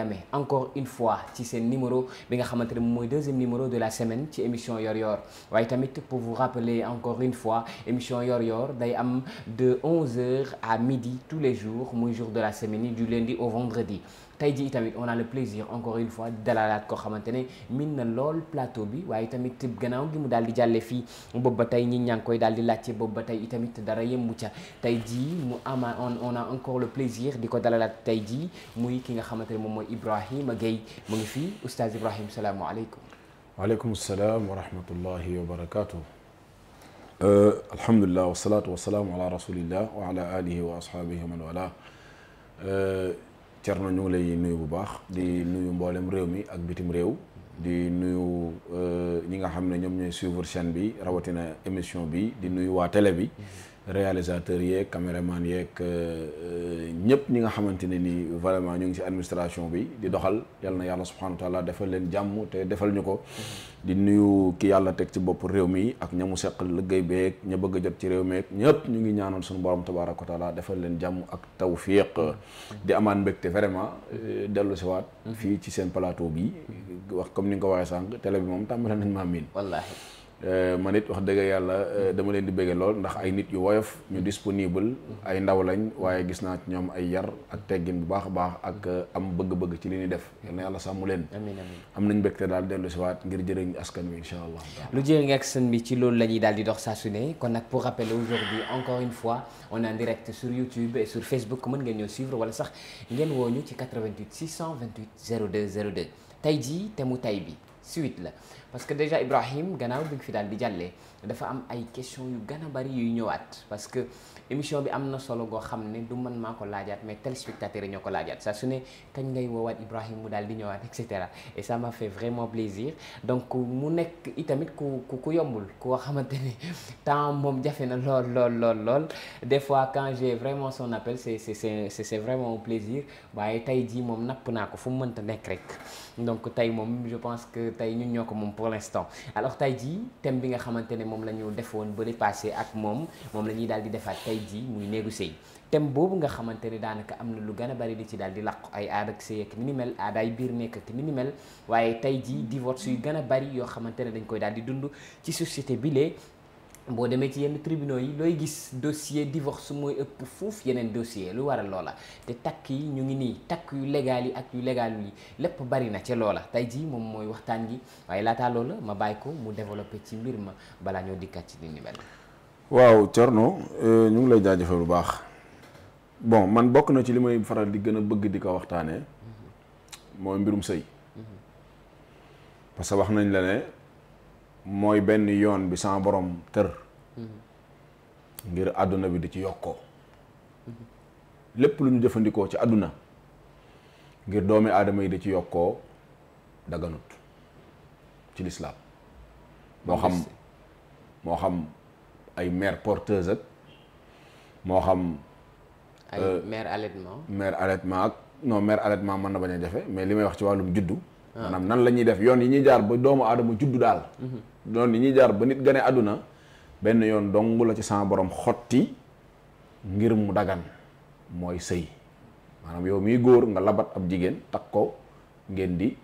amee encore une fois ci seen numéro bi nga xamante ne mooy deuxième numéro de la semaine ci émission Yoor Yoor waaye tamit pour vous rappeler encore une fois émission Yoor Yoor day am de 11 à midi tous les jours muy jour de la semaine du lundi au vendredi tey ji itamit on a le plaisir encore une fois dalalaat ko xamante ne min na lool plateau bi waaye tamit gannaaw gi mu daal di jàlle fii boobu ba tey ñi ñaa ngi koy daal di laajte boobu ba tey itamit dara yemmu ca tey jii mu ama on a encore le plaisir di ko dalalaat tey jii muy ki nga xamante ne moom mooy Ibrahima Gueye mu ngi fii oustaz Ibrahima salaamaaleykum waaleykum salaam wa rahmatullahi wa barakatuh alhamdulilah wasalaatu wasalaamu ala rasulillah wa ala alihi wa Thierno ñu ngi lay nuyu bu baax di nuyu mboolem réew mi ak bitim réew di nuyu euh, ñi nga xam ne ñoom ñooy suivre chaîne bi rawatina émission bi di nuyu waa télé bi réalisateur yeeg caméraman yeeg euh, ñëpp ñi nga xamante ne nii vraiment ñu ngi ci administration bi di doxal yal na yàlla subhanahu wa taala defal leen jàmm te defal ñu ko. di nuyu ki yàlla teg ci bopp réew mi ak ña mu seqal liggéey beeg ña bëgg a jot ci réew meek ñëpp ñu ngi ñaanoon suñu borom tabaaraka wa taala defal leen jàmm ak tawfiq di amaan mbégte vraiment euh, dellu si waat. Mm-hmm. fii ci seen plateau bi. wax comme ni nga ko waxee sànq télé bi moom tàmbale nañ maa miin. wallaahi. Euh, ma it wax dëgg yàlla euh, dama leen di bëgge lool ndax ay nit yu woyof ñu disponible ay ndaw lañ waaye gis naa ci ñoom ay yar ak teggin bu baax a baax ak euh, am bëgg-bëgg ci li ñuy def yal na yàlla sàmm leen amiin amiin am nañ mbégte daal dellu si ngir jëriñ askan wi incha allah lu jëriñ askan bi ci loolu la ñuy daal di dox saa su ne kon nag pour rappeler aujourd'hui encore une fois on est en direct sur YouTube et sur Facebook mën ngeen ñëw suivre wala sax ngeen woo ñu ci 88 628 02 02 tey jii te mu tey bi suite la parce que déjà Ibrahim gannaaw bi nga fi daal di jàllee dafa am ay question yu gën a bari yuy ñëwaat parce que émission bi am na solo goo xam ne du man maa ko laajaat mais téléspectateurs yi ñoo ko laajaat saa su ne kañ ngay woowaat Ibrahim mu daal di ñëwaat et cetera et ça m'a fait vraiment plaisir donc mu nekk itamit ku ku ku yombul koo xamante ne temps moom jafe na lool lool lool lool des fois quand j'ai vraiment son appel c'est c'est vraiment un plaisir waaye tey jii moom napp naa ko fu mu mënta nekk rek pour l'instant alors tey jii thème bi nga xamante ne moom la ñu defoon bëri passé ak moom moom la ñuy daal di defaat tey jii muy néegu sëy thème boobu nga xamante ne daanaka am na lu gën a bari di ci daal di làqu ay aada ak sëy ak ni mel aadaay biir nekk ak ni mel waaye tey jii divorce yu gën a bari yoo xamante ne dañ koy daal di dund ci société bi lee boo demee ci yenn tribunaux yi looy gis dossier divorce mooy ëpp fuuf yeneen dossier lu waral loola te takk yi ñu ngi nii takk yu légal yi ak yu légal yi lépp bari na ca loola tey jii moom mooy waxtaan gi waaye laataa la ma bàyyi ko mu développé ci mbir ma balaa ñoo dikkaat ci li ni mel. waaw Thierno euh, ñu ngi lay jaajëfal bu baax bon man bokk na ci li may faral di gën a bëgg di ko waxtaanee mhm. mooy mbirum sëy mhm. parce wax nañ la ne. mooy benn yoon bi sama borom tër mhm. ngir àdduna bi di ci yokkoo lépp lu ñu jëfandikoo ci àdduna ngir doomi aadama yi di ci yokkoo daganut ci lislaam moo xam moo xam ay maire porteuse ak moo xam ay euh, mère allaitement mère allaitement ak non mère allaitement mën na bañ a jafe mais li may wax ci wàllum juddu maanaam nan la ñuy def yoon yi ñuy jaar ba doomu aadama juddu daal mhm. yoon yi ñuy jaar ba nit gane àdduna benn yoon dong la ci sama boroom xotti ngir mu dagan mooy sëy maanaam yow miy góor nga labat ab jigéen takk ko ngeen di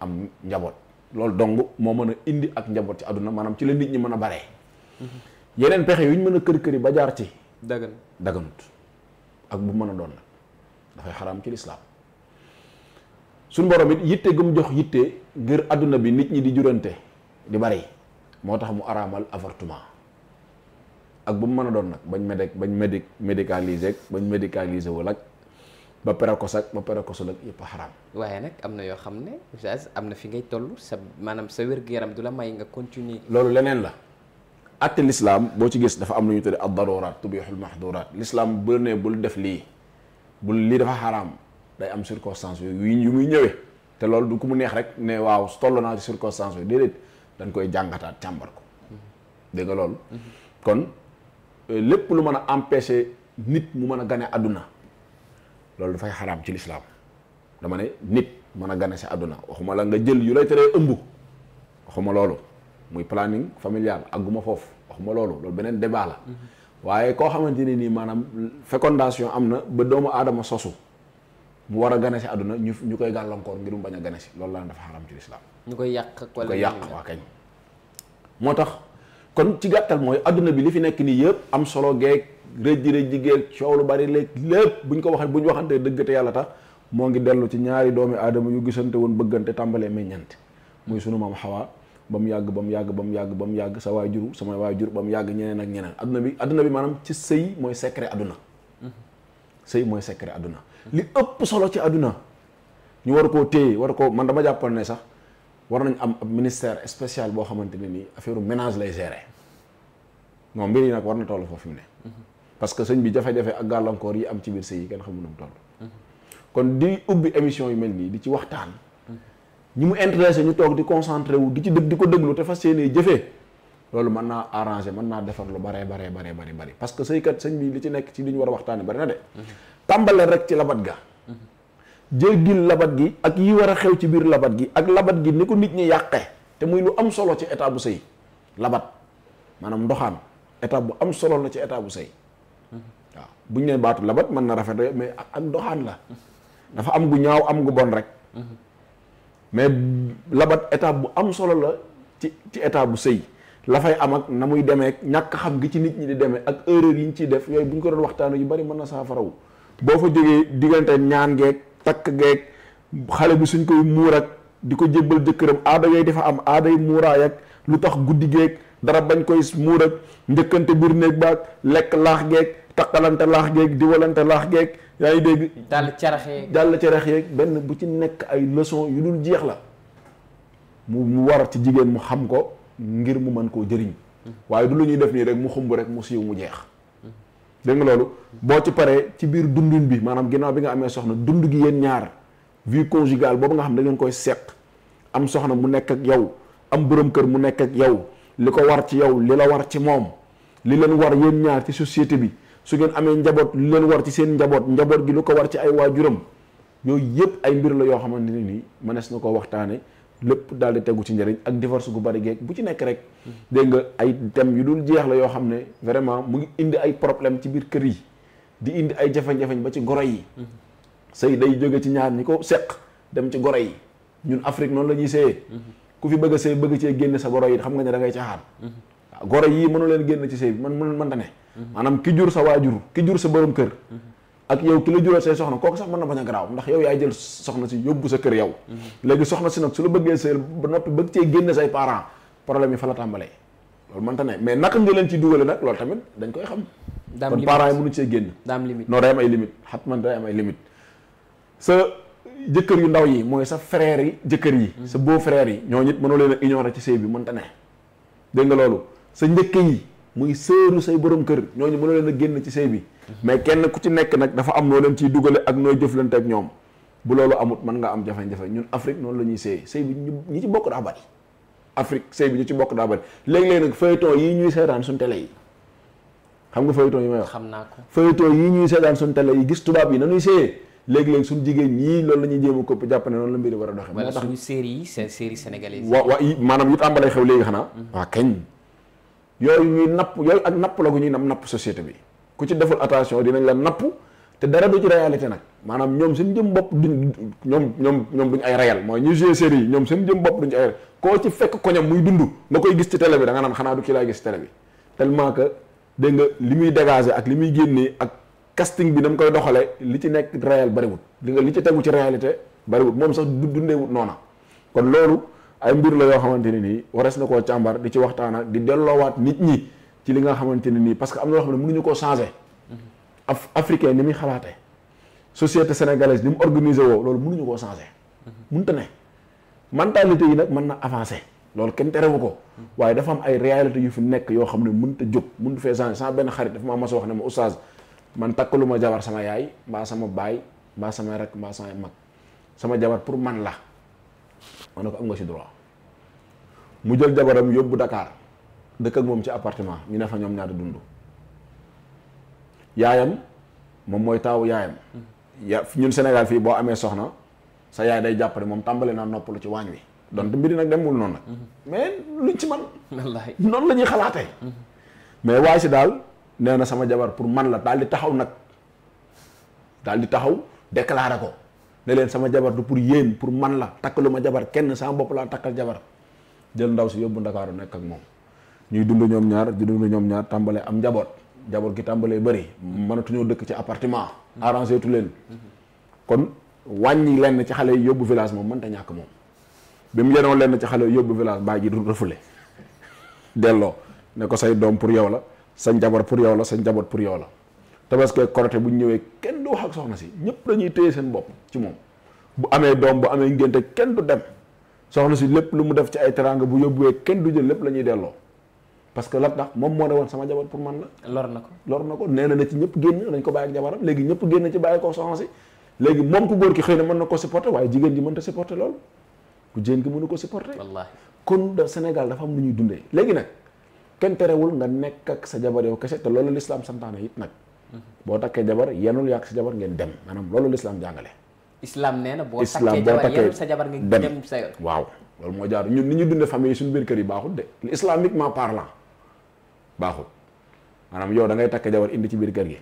am njaboot loolu dong moo mën a indi ak njaboot ci àdduna maanaam ci la nit ñi mën a baree mhm. yeneen pexe yuñ mën a kër këri ba jaar ci dagan daganut ak bu mën a doon nag dafay xaraam ci lislaam suñu borom it yitte gum jox yitte ngir àdduna bi nit ñi di jurante di bari moo tax mu araamal avortement ak bu mu mën a doon nag bañ médic bañ médic médicalisé bañ médicalisé wala ak ba précoce ak ba précoce la yëpp a xaraam. waaye nag am na yoo xam ne oustaz am na fi ngay toll sa maanaam sa wér-gu-yaram du la may nga continuer. loolu leneen la. atte lislaam boo ci gis dafa am lu ñu tuddee ad daruraat tubihul mahduraat l'islam bu ne bul def lii bul lii dafa day am circonstance yooyu yu muy ñëwee te loolu du ku mu neex rek ne waaw toll naa ci circonstance yooyu déedéet dañ koy jàngataat càmbar ko dégg lool kon euh, lépp lu mën a empêcher nit mu mën a gane àdduna loolu dafay xaram ci lislaam dama ne nit mën a gane si àdduna waxuma la nga jël yu lay teree ëmb waxuma loolu muy planning familial àgguma foofu waxuma loolu loolu beneen débat la mm-hmm. waaye koo xamante ne nii maanaam fécondation am na ba doomu aadama sosu mu war a gane si àdduna ñu ñu koy gàllankoor ngir mu bañ a gane si loolu la dafa xaram ci lislaam ñu koy yàq wala ñu koy yàq waa moo tax kon ci gàttal mooy àdduna bi li fi nekk nii yëpp am solo geeg rëjji rëjji geeg coow lu bari léeg lépp buñ ko waxee buñ waxantee dëgg te yàlla tax moo ngi dellu ci ñaari doomi aadama yu gisante woon bëggante tàmbalee meññante muy sunu maam xawaa ba mu yàgg ba mu yàgg ba mu yàgg ba mu yàgg sa waay juru sama waay jur ba mu yàgg ñeneen ak ñeneen àdduna bi àdduna bi maanaam ci sëy mooy secret àdduna mhm. mooy secret àdduna li ëpp solo ci àdduna ñu war koo téye war ko man dama jàppoon ne sax war nañ am ab ministère spécial boo xamante ne nii affaire ménage lay gérer moom mbir yi nag war na toll foofu mu ne. parce que sëñ bi jafe-jafe ak gàllankoor yi am ci biir sëy yi kenn xamu nu mu toll. kon di ubbi émission yu mel nii di ci waxtaan. ñi mu intéressé ñu toog di concentré wu di ci dëgg di ko déglu te fas yéenee jëfee loolu mën naa arrangé mën naa defar lu bare baree baree bari parce que sëykat sëñ bi li ci nekk ci li ñu war a waxtaanee bari de. tàmbaleel rek ci labat ga jéggil labat gi ak yi war a xew ci biir labat gi ak labat gi ni ko nit ñi yàqe te muy lu am solo ci état bu sëy labat maanaam ndoxaan état bu am solo la ci état bu sëy waaw bu ñu nee baatu labat mën na rafet mais ak ndoxaan la dafa am gu ñaaw am gu bon rek mais labat état bu am solo la ci ci état bu sëy la fay am ak na muy demee ñàkk xam gi ci nit ñi di demee ak erreur yi ñu ciy def yooyu bu ñu ko doon waxtaanee yu bari mën na saafarawu boo fa jógee diggante ñaan geeg takk geeg xale bi suñ koy muur ak di ko jébbal jëkkëram aada yooyu dafa am aaday muuraay ak lu tax guddi geeg dara bañ koy muur ak njëkkante biir néeg baag lekk laax geeg takkalante laax geeg diwalante laax geeg yaa ngi dégg. dàll carax yeeg yeeg benn bu ci nekk ay leçon yu dul jeex la mu mu war ci jigéen mu xam ko ngir mu mën koo jëriñ. Mm-hmm. waaye du lu ñuy def nii rek mu xumb rek mu siiw mu jeex. dégg nga loolu boo ci paree ci biir dundin bi maanaam ginnaaw bi nga amee soxna dund gi yéen ñaar vie conjugale boobu nga xam ne da ngeen koy seq am soxna mu nekk ak yow am borom kër mu nekk ak yow li ko war ci yow li la war ci moom li leen war yéen ñaar ci société bi su ngeen amee njaboot li leen war ci seen njaboot njaboot gi lu ko war ci ay waajuram yooyu yëpp ay mbir la yoo xamante ni nii mënees na ko waxtaane lépp daal di tegu ci njëriñ ak divorce gu bari geeg bu ci nekk rek dégg nga ay thèmes yu dul jeex la yoo xam ne vraiment mu ngi indi ay problème ci biir kër yi di indi ay jafe-jafe ba ci goro yi sëy day jóge ci ñaar ñi ko seq dem ci goro yi ñun Afrique noonu la ñuy sëyee ku fi bëgg a sëy bëgg cee génne sa goro yi xam nga ne da ngay caaxaan goro yii mënu leen génn ci sëy man man mënul mënta ne maanaam ki jur sa waajur ki jur sa borom kër ak yow ki la jural say soxna kooku sax mën na bañ a garaaw ndax yow yaay jël soxna si yóbbu sa kër yow léegi soxna si nag su la bëggee sëyal ba noppi bëgg cee génn say parents problème yi fa la tàmbalee loolu mënta ne mais naka leen ci dugale nag loolu tamit dañ koy xam kon parents yi cee génn daam limite non day am ay limite xat man day am ay limite sa jëkkër yu ndaw yi mooy sa frère yi jëkkër yi mm-hmm. sa beau frère yi ñoo ñit mënoo leen a ignorer ci sëy bi mënta ne dégg nga loolu sa njëkk yi muy séeru say borom kër ñooñu mënoo leen a génn ci sëy bi mais kenn ku ci nekk nag dafa am noo leen ciy dugale ak nooy jëflante ak ñoom bu loolu amut mën nga am jafe-jafe ñun Afrique noonu la ñuy sëy sëy bi ñi ci bokk daa bari Afrique sëy ci bokk daa bari léeg-léeg nag feuilleton yi ñuy seetaan suñ télé yi xam nga feuilleton yi xam naa ko feuilleton yi ñuy seetaan suñ télé yi gis tubaab yi nañuy sëyee léegi-léegi suñu jigéen ñii loolu la ñuy jéem a kopp jàpp ne noonu la mbir war a doxee wala suñu série yi seen série sénégalaise waaw waaw maanaam yu tàmbalee xew léegi xanaa mm-hmm. waa kañ yooyu ñuy napp yooyu ak napp la ko ñuy nam napp société bi ku ci deful attention dinañ la napp te dara du ci réalité nag maanaam ñoom seen jëm bopp duñ ñoom ñoom ñoom duñ ay réel mooy ñu joué série yi ñoom seen jëm bopp duñ ci ay réel koo ci fekk koñam muy dund nga koy gis ci télé bi da naan xanaa du kii laay gis télé bi tellement que dégg nga li muy dégager ak li muy génnee ak casting bi dam koy doxalee li ci nekk réel bariwul li nga li ci tegu ci réalité bariwul moom sax du noona ay mbir la yoo xamante ne nii warees na koo càmbar di ci waxtaan ak di delloowaat nit ñi ci li nga xamante ne nii parce que am na loo xam ne mënuñu koo changer. Mm-hmm. af africain ni muy xalaate société sénégalaise ni mu organisé woo loolu mënuñu koo changer. Mm-hmm. mënta ne mentalité yi nag mën na avancé loolu kenn terewu ko. Mm-hmm. waaye dafa am ay réalité yu fi nekk yoo xam ne mun te jóg mënta fee changer sama benn xarit dafa maa mos a wax ne ma oustaz man takkalu ma sama yaay mbaa sama baay mbaa sama rak mbaa sama mag sama jabar pour man la. ma ne ko am nga ci droit mu jël jabaram yóbbu dakaar dëkk ak moom ci appartement ñu ne fa ñoom ñaata dund yaayam moom mooy taawu yaayam ya ñun Sénégal fii boo amee soxna sa yaay day jàppale moom tàmbale naa noppalu ci waañ wi donc mbiri nag demul noon nag mais luñ ci man wallaahi noonu xalaatee mais waaye si daal nee na sama jabar pour man la daal di taxaw nag daal di taxaw déclaré ko ne leen sama jabar du pour yéen pour man la takkalu ma jabar kenn sama bopp laa takkal jabar jël ndaw si yóbbu ndakaaru nekk ak moom ñuy dund ñoom ñaar di dund ñoom ñaar tàmbale am njaboot njaboot gi tàmbalee bëri mënatuñoo dëkk ci appartement arrangé tu leen kon wàññi lenn ci xale yi yóbbu village moom mënta ñàkk moom bi mu yenoon lenn ci xale yi yóbbu village baa ji du refule delloo ne ko say doom pour yow la sa njaboot pour yow la njaboot pour yow la tabaski korité bu ñu ñëwee kenn du wax ak soxna si ñëpp dañuy tëye seen bopp ci moom bu amee doom bu amee ngénte kenn du dem soxna si lépp lu mu def ci ay teraanga bu yóbbuwee kenn du jël lépp la ñuy delloo parce que la tax moom moo ne woon sama jabar pour man la. lor na ko lor na ko nee na na ci ñëpp génn nañ ko bàyyi ak jabaram léegi ñëpp génn ci bàyyi ko soxna si léegi moom ku góor ki xëy na mën na ko supporter waaye jigéen ji mënta supporter loolu ku jigéen ki mënu ko supporter. wallaahi kon da Sénégal dafa lu ñuy dundee léegi nag kenn nga nekk ak sa jabar yow kese te loolu l'islam santaane it nag boo takkee jabar yenul yàq sa jabar ngeen dem maanaam loolu l'islam jàngale islam nee na boo takkee jabar yenul sa jabar ngeen dem sa yoon waaw loolu moo jaar ñun ni ñu dundee famille suñu biir kër yi baaxul de islamiquement parlant baaxul maanaam yow da ngay takk jabar indi ci biir kër gi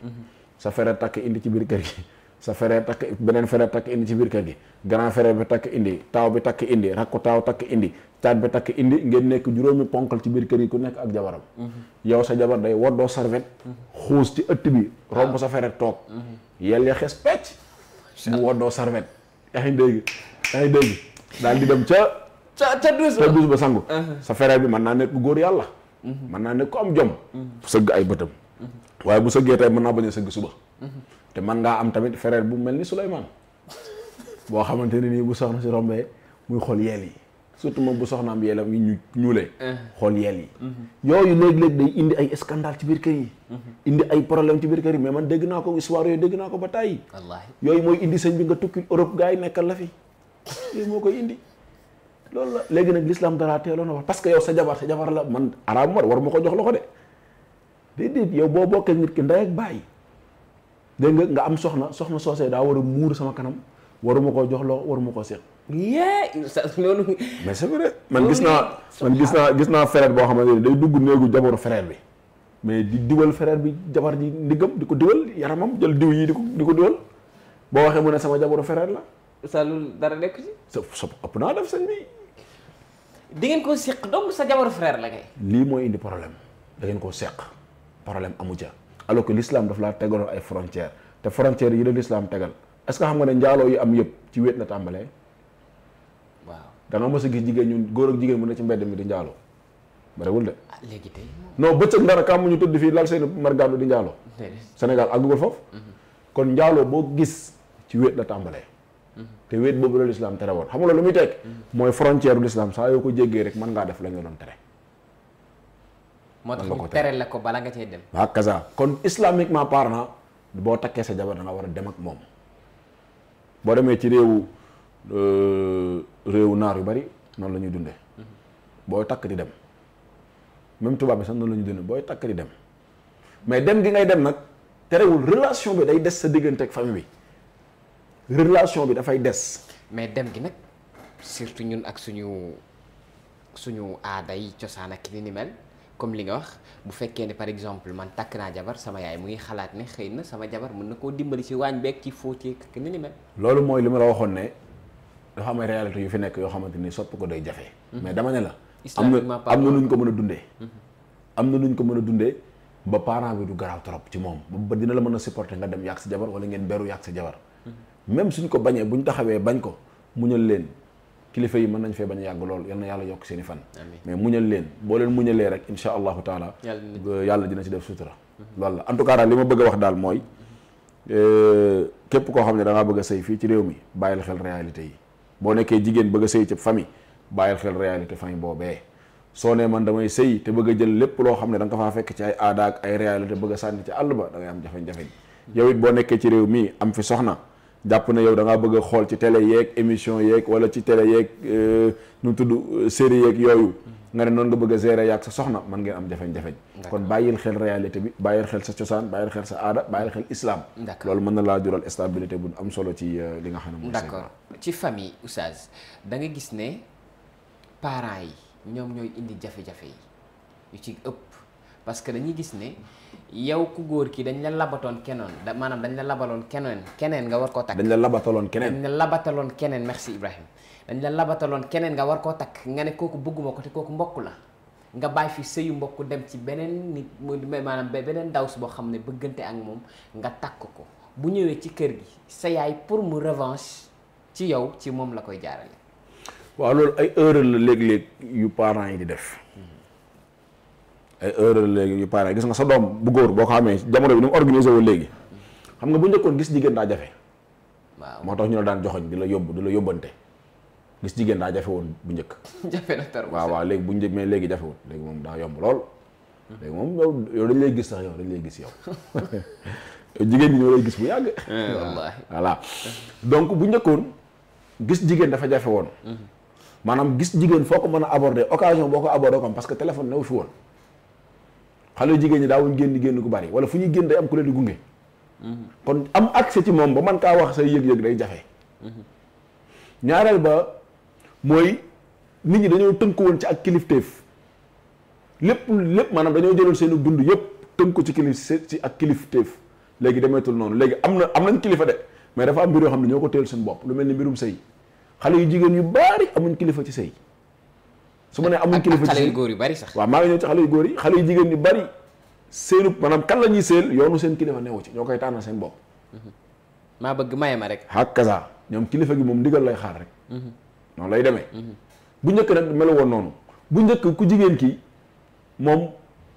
sa frère takk indi ci biir kër gi sa frère takk beneen frère takk indi ci biir kër gi grand frère bi takk indi taaw bi takk indi rakku taaw takk indi caat bi takk indi ngeen nekk juróomi ponkal ci biir kër gi ku nekk ak jabaram mhm. yow sa jabar day woddoo sarvet mhm. xuus ci ëtt bi romb ah. sa fere toog mhm. yel ya xes pecc mu woddoo sarvet yaa ngi dégg yaa ngi dégg daal di dem ca ca ca dus ba sangu uh-huh. sa fere bi mën naa nekk góor yàlla mën naa nekk ko am jom sëgg ay bëtam waaye bu sëggee tey mën naa bañ a sëgg suba te mën ngaa am tamit fereer bu mel ni Souleymane boo xamante ne nii bu soxna si rombee xool yeel surtout moom bu soxnaam yeelam la ñu ñuulee eh. xool yeel yi mhm. yooyu léeg-léeg day indi ay scandale ci biir kër yi mhm. indi ay problème ci biir kër yi mais man dégg naa ko histoire yooyu dégg naa ko ba tàyyi wallaahi yooyu mooy indi sëñ bi nga tukki Europe gars yi nekkal la fi moo koy indi loolu la léegi nag lislaam dara teeloo na wax parce que yow sa jabar sa jabar la man arabe war ma ko jox loxo de déedéet yow boo bokkee nit ki ndey ak bàyyi dégg nga nga am soxna soxna soosee daa war a muur sama kanam waruma koo jox loxo waruma koo seq. yee sa loolu. mais c'est vrai man gis naa man gis naa gis naa frère boo xamante ne day dugg néegu jabaru frère bi mais di diwal frère bi jabar ji ndiggam di ko diwal yaramam jël diw yi di ko di ko diwal boo waxee mu ne sama jabaru frère la. sa loolu dara nekk ci. sa ëpp naa def sëñ bi. di ngeen koo seq donc sa jabaru frère la kay. lii mooy indi problème da ngeen koo seq problème amu ca alors que l'islam daf laa tegaloo ay frontières te frontières yi la l'islam tegal. est-ce que xam nga ne njaaloo yu am yëpp ci wéet la tàmbalee. waaw da nga mës a gis jigéen ñun góor ak jigéen mu ne ci mbedd mi di njaaloo barewul de. ah léegi tey. non bëccëg ndara kàmm ñu tëdd fii lal seen margaandu di njaaloo. Sénégal àggugul foofu. Mhm. kon njaaloo boo gis ci wéet la tàmbalee. Mhm. te wéet boobu la lislaam tere woon xam nga lu muy teg. Mhm. mooy frontière u lislaam saa yoo ko jéggee rek mën ngaa def la nga doon tere. moo tax ko tere la ko bala nga cee dem. waaw kaza kon islamiquement parlant boo takkee sa jabar da dem ak moom boo demee ci réewu euh, réewu naar yu bari noonu la ñuy dundee booy takk di dem même tubaab bi sax noonu la ñuy booy takk di dem mais dem gi ngay dem nag terewul relation bi day des sa diggante ak famille bi relation bi dafay des. mais dem gi nag surtout ñun ak suñu suñu aada yi cosaan ak li ni mel. comme li nga wax bu fekkee ne par exemple man takk naa jabar sama yaay mu ngi xalaat ne xëy na sama jabar mën na koo dimbali ci waañ beeg ci fóotee ak ni li mel. loolu mooy li ma la waxoon ne dafa am ay réalité yu fi nekk yoo xamante ni sopp ko day jafe. Mhm. mais dama ne la. am na am na ko mën a dundee. Mhm. am na nuñ ko mën a dundee ba parent bi du garaaw trop ci moom ba dina la mën a supporter nga dem yàq sa jabar wala ngeen beru yàq sa jabar. Mhm. même suñ ko bañee buñ taxawee bañ ko muñal leen. kilifa yi mën nañ fee bañ a yàgg lool yal na yàlla yokk seen i fan mais muñal leen boo leen muñalee rek insha allahu taala yàlla dina ci def sutura mhm. loolu la en tout cas daal li ma bëgg a wax daal mooy euh, képp koo xam ne da bëgg a sëy fii ci réew mi bàyyil xel réalité yi boo nekkee jigéen bëgg a sëy ci famille bàyyil xel réalité famille boobee soo nee man damay sëy te bëgg jël lépp loo xam ne da ko faa fekk ci ay aada ak ay réalité bëgg a sànni ci àll ba da ngay am jafe-jafe mhm. yow it boo nekkee ci réew mi am fi soxna jàpp na yow da bëgg a xool ci télé yeeg émission yeeg wala ci télé yeeg euh, nu tudd euh, série yeeg yooyu nga ne noonu nga bëgg a gérer yaag sa soxna man ngeen am jafeñ-jafeñ kon bàyyil xel réalité bi bàyyil xel sa cosaan bàyyil xel sa aada bàyyil xel islam loolu mën na laa jural stabilité bu am solo ci euh, li nga xam ne mooy d'accord ci famille oustaz da nga gis ne parents yi ñoom ñooy indi jafe-jafe yi yu ci ëpp parce que dañuy gis ne yow ku góor ki dañ la labatoon kenoon da maanaam dañ la labaloon keneen keneen nga war koo takk. la labataloon keneen dañ la labataloon keneen merci Ibrahima dañ la labataloon keneen nga war koo takk nga ne kooku bëgguma ko te kooku mbokk la nga bàyyi fi sëyu mbokk dem ci beneen nit maanaam beneen ndaw si boo xam ne bëggante ak moom nga takk ko bu ñëwee ci kër gi sa yaay pour mu revanche ci yow ci moom la koy jaarale. waaw loolu ay erreur la léeg-léeg yu parents yi di def. Hmm. ay heure léegi yu pare gis nga sa doom bu góor boo ko amee jamono bi ni mu organisé woo léegi xam nga bu njëkkoon gis jigéen daa jafe waaw moo tax ñu daan joxoñ di la yóbbu di la yóbbante gis jigéen daa jafe bu njëkk jafe na tar waaw bu njëkk mais léegi jafe woon moom daa yomb lool moom yow lay gis sax yow dañ lay gis yow ñi ñoo gis bu yàgg eh, voilà donc bu njëkkoon gis jigéen dafa jafe woon mm-hmm. maanaam gis jigéen foo ko mën a aborder occasion boo ko aborder comme parce que téléphone newu fi woon xale jigéen ñi daawuñ génn génn gu bari wala fu ñuy génn day am ku leen di gunge kon am accès ci moom ba man kaa wax say yëg-yëg day jaxe ñaareel ba mooy nit ñi dañoo tënk woon ci ak kilifteef lépp lépp maanaam dañoo jëloon seen dund yëpp tënku ci kilif ci ak kilifteef léegi demeetul noonu léegi am na am nañ kilifa de mais dafa am mbir yoo xam ne ñoo ko teel seen bopp lu mel ni mbirum sëy xale yu jigéen yu bari amuñ kilifa ci sëy su ma nee amuñ kilifa xale góor yu bari sax waaw maa ngi ñëw ci xale yu góor yi xale yu jigéen yu bari seenu maanaam kan la ñuy seel yoonu seen kilifa newu ci ñoo koy tànnal seen bopp mm-hmm. maa bëgg maye ma rek kasaa ñoom kilifa gi moom ndigal lay xaar rek mm-hmm. noonu lay demee mm-hmm. bu njëkk nag melu woon noonu bu njëkk ku jigéen ki moom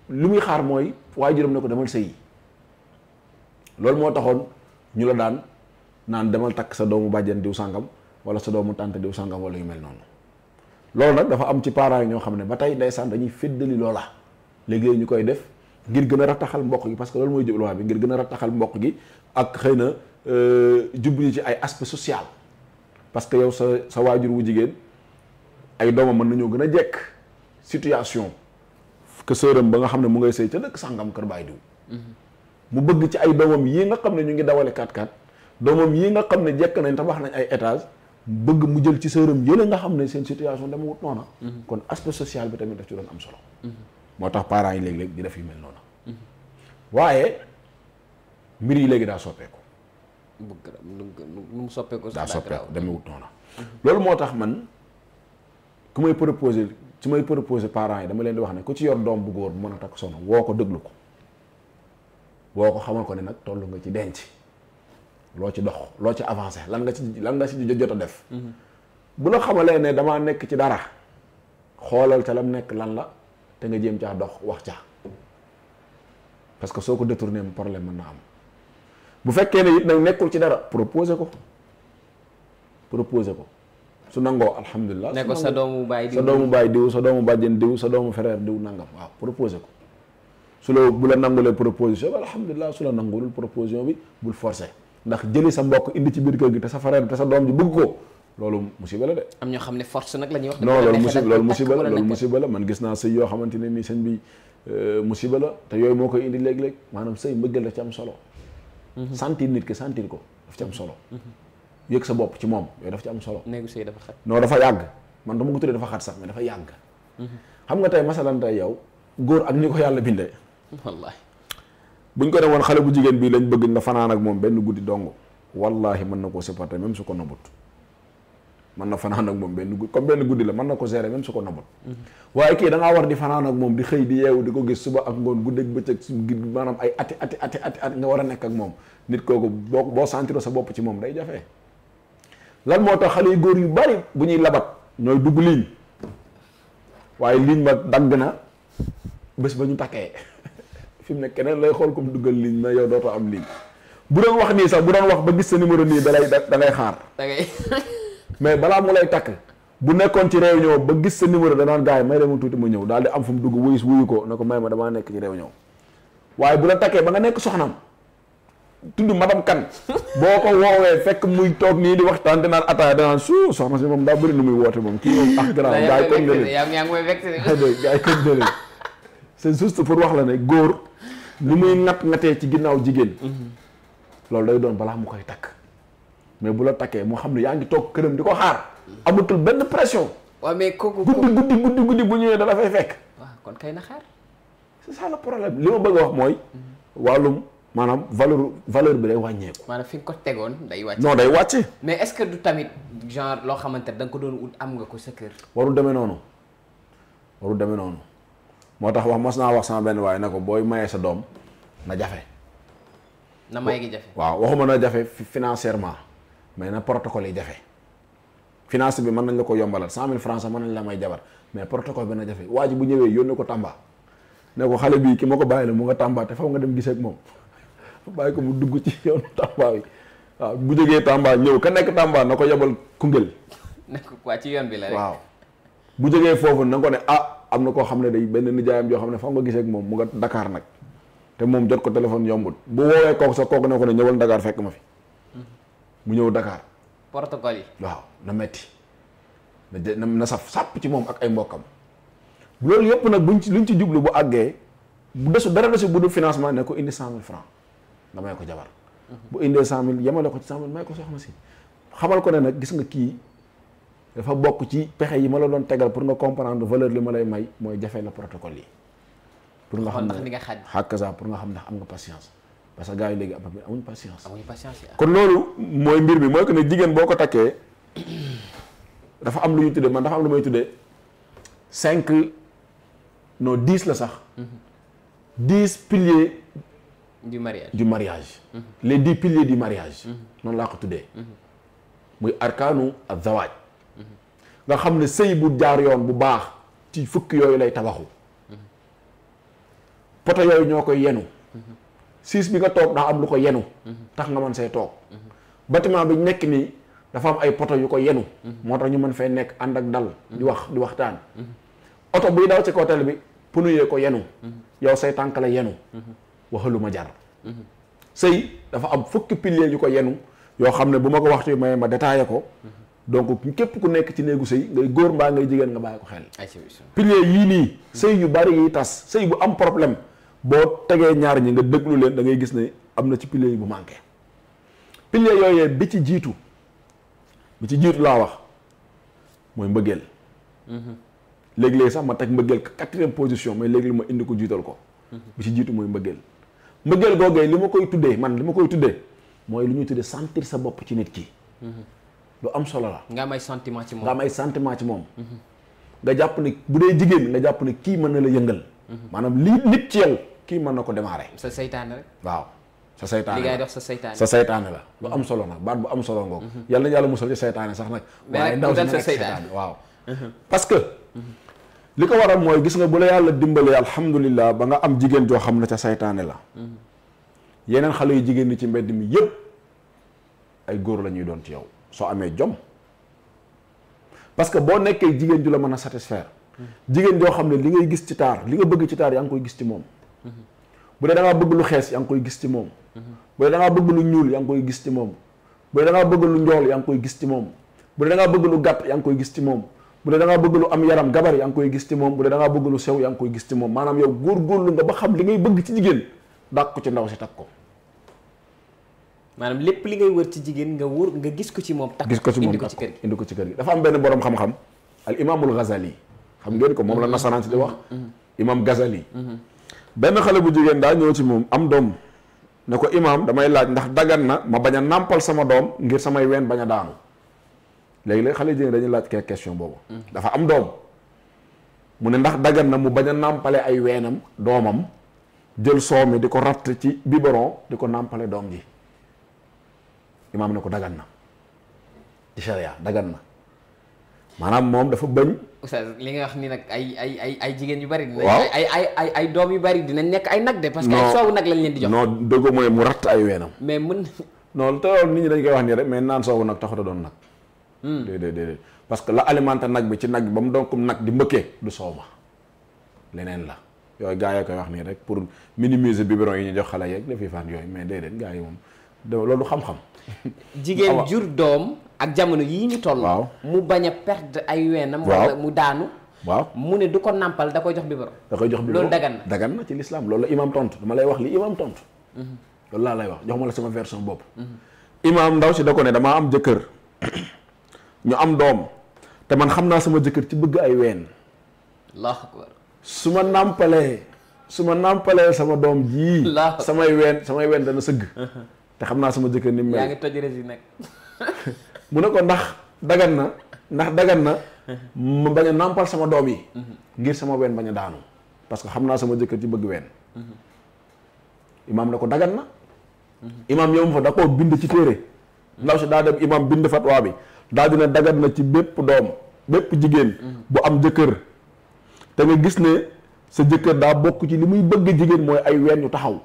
li muy xaar mooy waaye juróom ne ko demal sëyi loolu moo taxoon ñu la daan naan demal takk sa doomu bàjjan diw sàngam wala sa doomu tànt diw sàngam wala yu mel noonu loolu nag dafa am ci parent yi ñoo xam ne ba tey ndeysaan dañuy féddali loola léegi ñu koy def ngir gën a rattaxal mbokk gi parce que loolu mooy jubluwaay bi ngir gën a rattaxal mbokk gi ak xëy na euh, jublu ci ay aspect social parce que yow sa sa waajur wu jigéen ay doomam mën nañoo gën a jekk situation que sëram ba nga xam ne mu ngay sëy ca dëkk sàngam kër baay diw mm-hmm. mu bëgg ci ay doomam yii nga xam ne ñu ngi dawale 4x4 doomam yii nga xam ne jekk nañ tabax nañ ay étage bëgg mu jël ci sëram yële nga xam ne seen situation dama wut noona mhm. kon aspect social bi tamit daf ci doon am solo mhm. moo tax parents yi léeg-léeg di def yu mel noona mhm. waaye yi léegi daa soppeeku nu mu soppeeku daa soppeeku dama wut noona loolu moo tax man ku may proposer su may proposer parent yi dama leen di wax ne ku ci yor doom bu góor bu mën a takk soxna woo ko déglu ko woo ko xamal ko ne nag toll nga ci denc loo ci dox loo ci avancé lan nga ci lan nga ci jot a def. bu la xamalee ne damaa nekk ci dara xoolal ca mu nekk lan la te nga jéem caa dox wax ca parce que soo ko détourné problème mën na am bu fekkee ne it nag nekkul ci dara proposé ko proposé ko su nangoo alhamdulilah. ne ko sa doomu baay diw sa doomu baay diw sa doomu bàjjen diw sa doomu frère diw nangam waaw proposé ko su la bu la nangulee proposition bi su la nangulul proposition bi bul forcé. ndax jëli sa mbokk indi ci biir kër gi te sa frère te sa doom ji bëgg ko loolu musiba la de. am ñoo xam ne force nag la ñuy wax. non loolu musiba loolu musiba la loolu musiba la man gis naa sëy yoo xamante ne nii sëñ bi euh, musiba la te yooyu moo koy indi léeg-léeg maanaam sëy mbëggal daf ci am solo. Mhm. sentir nit ki sentir ko daf ci am solo. Mhm. yëg sa bopp ci moom yooyu daf ci am solo. néegu sëy dafa xat. non dafa yàgg man dama ko tuddee dafa xat sax mais dafa yàgg. Mhm. xam nga tey masalan tey yow góor ak ni ko yàlla bindee. wallaahi buñ ko ne woon xale bu jigéen bii lañ bëgg nga fanaan ak moom benn guddi dong wallahi mën na koo supporter même su ko nobut mën na fanaan ak moom benn guddi comme benn guddi la mën na ko gérer même su ko nobut waaye kii da war di fanaan ak moom di xëy di yeewu di ko gis suba ak ngoon guddeeg bëccëg gi maanaam ay ati ati ati ati at nga war a nekk ak moom nit kooku boo boo sentiroo sa bopp ci moom day jafe lan moo tax xale yu góor yu bari bu ñuy labat ñooy dugg ligne waaye ligne ba dagg na bés ba ñu takkee fi mu ne keneen lay xool comme duggal ligne mais yow dootoo am ligne bu doon wax nii sax bu daan wax ba gis sa numéro nii da lay da ngay xaar. da ngay mais balaa mu takk bu nekkoon ci réunion ba gis sa numéro danaan gars yi may dem tuuti ma ñëw daal di am fu mu dugg wuyus wuyu ko ne ko may ma damaa nekk ci réunion waaye bu la takkee ba nga nekk soxnaam. tudd madam kan boo ko woowee fekk muy toog nii di waxtaan dinaan ataaya dinaan suu soxna si moom daa bëri nu muy woote moom kii moom ak grand gaay comme ne leen yaa ngi may vexé gaa wax la ne góor li muy nat natee ci ginnaaw jigéen mhm. loolu day doon balaa mu koy takk mais bu la takkee moo xam ne yaa ngi toog këram di ko xaar amatul benn pression waaw mais kooku guddi guddi guddi guddi bu ñëwee dala fay fekk waaw kon kay na xaar c'est ça le problème li ma bëgg a wax mooy mhm. wàllum maanaam valeur valeur bi day wàññeeku. maanaam fi nga ko tegoon day wàcc. non day wàcc. mais est-ce que du tamit genre loo xamante da nga ko doon ut am nga ko sa warul demee noonu warul demee noonu moo tax wax mas naa wax sama benn waaye ne ko booy mayee sa doom na jafe. na may gi jafe waaw waxuma na jafe financièrement mais na protocole yi jafe. finance bi mën nañ la ko yombalal cent mille francs mën nañ la may jabar mais protocole bi na jafe waa ji bu ñëwee yónnee ko Tamba ne ko xale bii ki ma ko bàyyi la mu nga Tamba te faw nga dem gisee ak moom bàyyi ko mu dugg ci yoonu Tamba bi waaw bu jógee Tamba ñëw ka nekk Tamba na ko yebal Koungheul. ne ko quoi ci yoon bi la waaw ko ne ah. am na koo xam ne day benn nijaayam yoo xam ne fa nga gisee ak moom mu nga Dakar nag te moom jot ko téléphone yombut bu woowee kooku sax kooku ne ko ne ñëwal Dakar fekk ma fi mu ñëw Dakar protocole yi waaw na metti na na saf sàpp ci moom ak ay mbokkam loolu yëpp nag buñ ci luñ ci jublu bu àggee bu desu dara desu bu dul financement ne ko indi cent mille francs nga may ko jabar mhm. bu indee cent mille yemale ko ci cent mille may ko soxna si xamal ko ne nag gis nga kii dafa bokk ci pexe yi ma la doon tegal pour nga comprendre valeur li ma lay may mooy jafe la protocole yi. pour nga xam ndax li nga xaaj. xàq sax pour nga xam ndax am nga patience parce que gars yi léegi amuñ patience. amuñ patience kon loolu mooy mbir mi mooy que ne jigéen boo ko takkee dafa am lu ñu tuddee man dafa am lu may tuddee cinq non dix la sax. Mhm. dix piliers. du mariage du mariage. Mhm. les dix piliers du mariage. Mhm. noonu laa ko tuddee. muy arkaanu ak zawaaj. nga xam ne sëy bu jaar yoon bu baax ci fukki yooyu lay tabaxu poto yooyu ñoo koy yenu siis bi nga toog daa am lu ko yenu tax nga mën say toog bâtiment bi nekk nii dafa am ay poto yu ko yenu moo tax ñu mën fee nekk ànd ak dal di wax di waxtaan oto bii daal ci kaw tali bi pneu yee ko yenu yow say tànk la yenu waxalu ma jar sëy dafa am fukki pilier yu ko yenu yoo xam ne bu ma ko waxtu may ma détaillé ko donc képp ku nekk ci néegu sëy ngay góor mbaa ngay jigéen nga bàyyi ko xel pilier yii nii sëy yu bari yi tas sëy bu am problème boo tegee ñaar ñi nga déglu leen dangay gis ne am na ci pilier yi bu manqué pilier yooyee bi ci jiitu bi ci jiitu laa wax mooy mbëggeel mhm. léeg-léeg sax ma teg mbëggeel quatrième position mais léegi li ma indi ko jiital ko mhm. bi ci jiitu mooy mbëggeel mbëggeel googee li ma koy tuddee man li ma koy tuddee mooy lu ñuy tuddee sentir sa bopp ci nit ki mhm. lu am solo la. nga am ay sentiment ci moom nga am ay sentiment ci moom. jàpp ne bu dee jigéen nga jàpp ne kii mën na la yëngal. maanaam li nit ci yow kii mën na ko démarrer. sa seytaane rek. waaw sa saytaane la li sa saytaane sa saytaane la lu am solo nag baat bu am solo ngoo mhm. yàlla yàlla musal ci sax nag. ndaw si nekk saytaane mhm. que. li ko waral mooy gis nga bu la yàlla dimbalee alhamdulilah ba nga am jigéen joo xam na ca saytaane la. Mhm. yeneen xale yu jigéen ñi ci mbedd mi yëpp ay góor lañuy doon ci yow. soo amee jom parce que boo nekkee jigéen ju la mën a satisfaire jigéen joo xam ne li ngay gis ci taar li nga bëgg ci taar yaa ngi koy gis ci moom bu dee da ngaa bëgg lu koy gis ci moom bu da ngaa bëgg lu ñuul yaa ngi koy gis ci moom bu dee da bëgg lu njool yaa ngi koy gis ci moom bu dee da ngaa bëgg lu gàtt yaa ngi koy gis ci moom bu dee da ngaa bëgg lu am yaram gabar yaa ngi koy gis ci moom bu bëgg lu sew yaa ngi koy gis ci moom maanaam yow góorgóorlu nga ba xam li ngay bëgg ci jigéen dàq ko ci ndaw si tag ko maanaam lépp li ngay wër ci jigéen nga wër nga gis ko ci moom takk gis ko ci moom indi ko ci kër indi ko ci kër gi dafa am benn borom xam-xam al imaamul Ghazali xam ngeen ko moom la nasaraan si di wax mm-hmm. mm-hmm. imam Ghazali mm-hmm. benn xale bu jigéen daa ñëw ci moom am doom ne ko imaam damay laaj ndax dagan na ma bañ a nàmpal sama doom ngir samay ween bañ a daanu léegi-léeg xale jigéen dañuy laaj kee question boobu dafa am doom mu ne ndax dagan na mu bañ a nàmpale ay weenam doomam jël soow mi di ko ratt ci biberon di ko nàmpale doom ji imaam na ko dagan na ci sharia dagan na maanaam moom dafa bañ. li nga wax ni nag ay ay ay ay jigéen yu bari. waaw ay ay ay ay doom yu bari dinañ nekk ay nag de. parce que ay soowu nag lañ leen di jox. non dëgg mooy mu ratt ay weenam. mais mën non lu tax nit dañ koy wax nii rek mais naan soowu nag taxut doon nag. Hmm. parce que la alimenté nag bi ci nag bi ba nag di mbëkkee du soow ma leneen la yooyu gaa yi koy wax nii rek pour minimiser biberon yi ñu jox xale yeeg dafay yooyu mais déedéet gars yi moom loolu xam-xam. jigéen jur doom ak jamono yii ñu toll. mu bañ a perdre ay weenam. wala mu daanu. waaw mu ne du ko nàmpal da koy jox biberon. da jox biberon loolu dagan na dagan na ci lislaam loolu imaam tontu dama lay wax li imaam tontu. Mhm. loolu laa lay wax jox ma la sama version bopp. Mhm. imaam ndaw si da ko ne damaa am jëkkër ñu am doom te man xam naa sama jëkkër ci bëgg ay ween. allahu su ma nàmpalee su ma nàmpalee sama doom jii. samay ween samay ween dana sëgg. Uh-huh. te xam naa sama jëkkër ni mu mel. yaa ngi toj mu ne ko ndax daggan na ndax dagan na mhm. ma bañ a nàmpal sama doom yi. Mhm. ngir sama ween bañ a daanu. parce que xam naa sama jëkkër ci bëgg ween. Mhm. imaam ne ko dagan na. imaam yow fa da koo bind ci téere. ndaw si daa dem imaam bind fatwa bi daal dina dagan na ci bépp doom bépp jigéen. bu am jëkkër. te nga gis ne sa jëkkër daa bokk ci li muy bëgg jigéen mooy ay ween yu taxaw.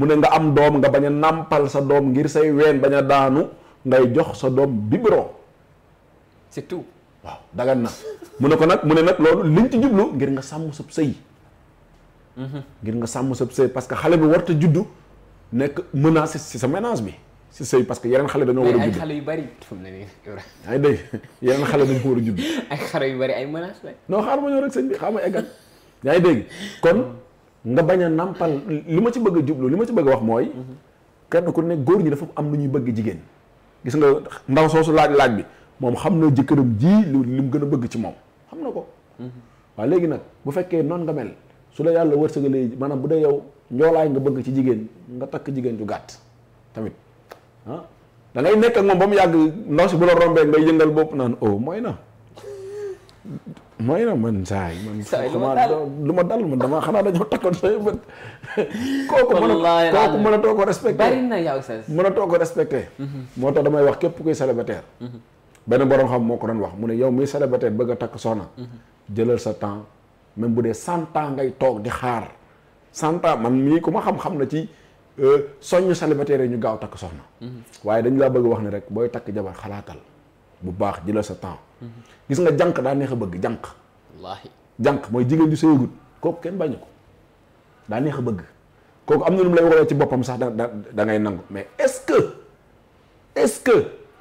mu ne nga am doom nga bañ a nàmpal sa doom ngir say ween bañ a daanu ngay jox sa doom biberon c'est tout waaw dagan na mu ne ko nag mu ne nag loolu liñ ci jublu ngir nga sàmm sab sëy mhm. ngir nga sàmm sab sëy parce que xale bi warta juddu nekk menace si sa ménage bi si sëy parce que yeneen xale dañoo war a judd ay yu bari fu mu ne nii ay dégg yeneen xale dañu war a judd ay xale yu bari ay xaar ma ñëw rek sëñ bi xaar eggal yaa ngi dégg kon nga bañ a nàmpal li ma ci bëgg a jublu li ma ci bëgg wax mooy. kenn ku ne góor ñi dafa am lu ñuy bëgg jigéen. gis nga ndaw soosu laaj laaj bi moom xam na jëkkëram ji li mu gën a bëgg ci moom xam na ko. waaw léegi nag bu fekkee noonu nga mel su la yàlla wërsëgalee maanaam bu dee yow njoolaay nga bëgg ci jigéen nga takk jigéen ju gàtt tamit ah. dangay nekk ak moom ba mu yàgg ndaw si bu la rombee ngay yëngal bopp naan oh mooy na mooy nag man saay man. saay lu ma dal lu ma dal man damaa xanaa dañoo takkoon say bët. kooku a kooku a too ko respecté bari na yow sax mën a too ko respecté. Mhm. moo tax damay wax képp kuy célibataire. Mhm. benn borom xam moo ko doon wax mu ne yow muy célibataire bëgg a takk soxna. Mhm. jëlal sa temps même bu dee cent ans ngay toog di xaar cent ans man mii ku ma xam-xam na ci. Euh, soñ célibataire yi ñu gaaw takk soxna. waaye dañu laa bëgg wax ne rek booy takk jabar xalaatal. bu baax jëlal sa temps gis nga jànq daa neex a bëgg jànq wallaahi jànq mooy jigéen ju sëyagut kooku kenn bañu ko daa neex a bëgg kooku am na lu mu lay waxee ci boppam sax da da ngay nangu mais est-ce que est-ce que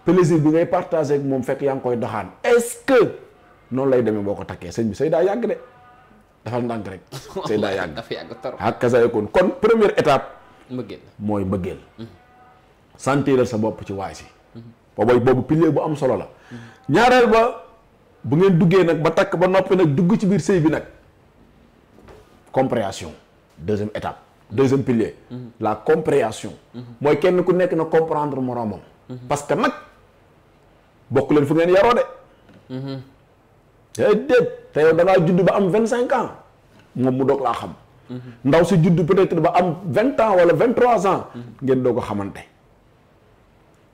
plaisir bi ngay partagé moom fekk yaa ngi koy doxaan est noonu lay demee boo ko takkee sëñ bi sëy daa yàgg de dafa ndànk rek sëy daa yàgg dafa yàgg trop ak kasa kon kon première étape mbëggeel mooy mbëggeel mm-hmm. sentir sa bopp ci waay si boobu boobu pilier bu am solo la. ñaareel ba bu ngeen duggee nag ba takk ba noppi nag dugg ci biir sëy bi nag compréhension deuxième étape deuxième pilier. Mm-hmm. la compréhension. Mm-hmm. mooy kenn ku nekk na comprendre moroomam. Mm-hmm. parce que nag bokk fu ngeen yaroo de. te eh, déet te yow da ngaa ba am vingt cinq ans moom mu doog laa xam. ndaw si judd peut-être ba am vingt ans wala vingt trois ans. ngeen doo ko xamante.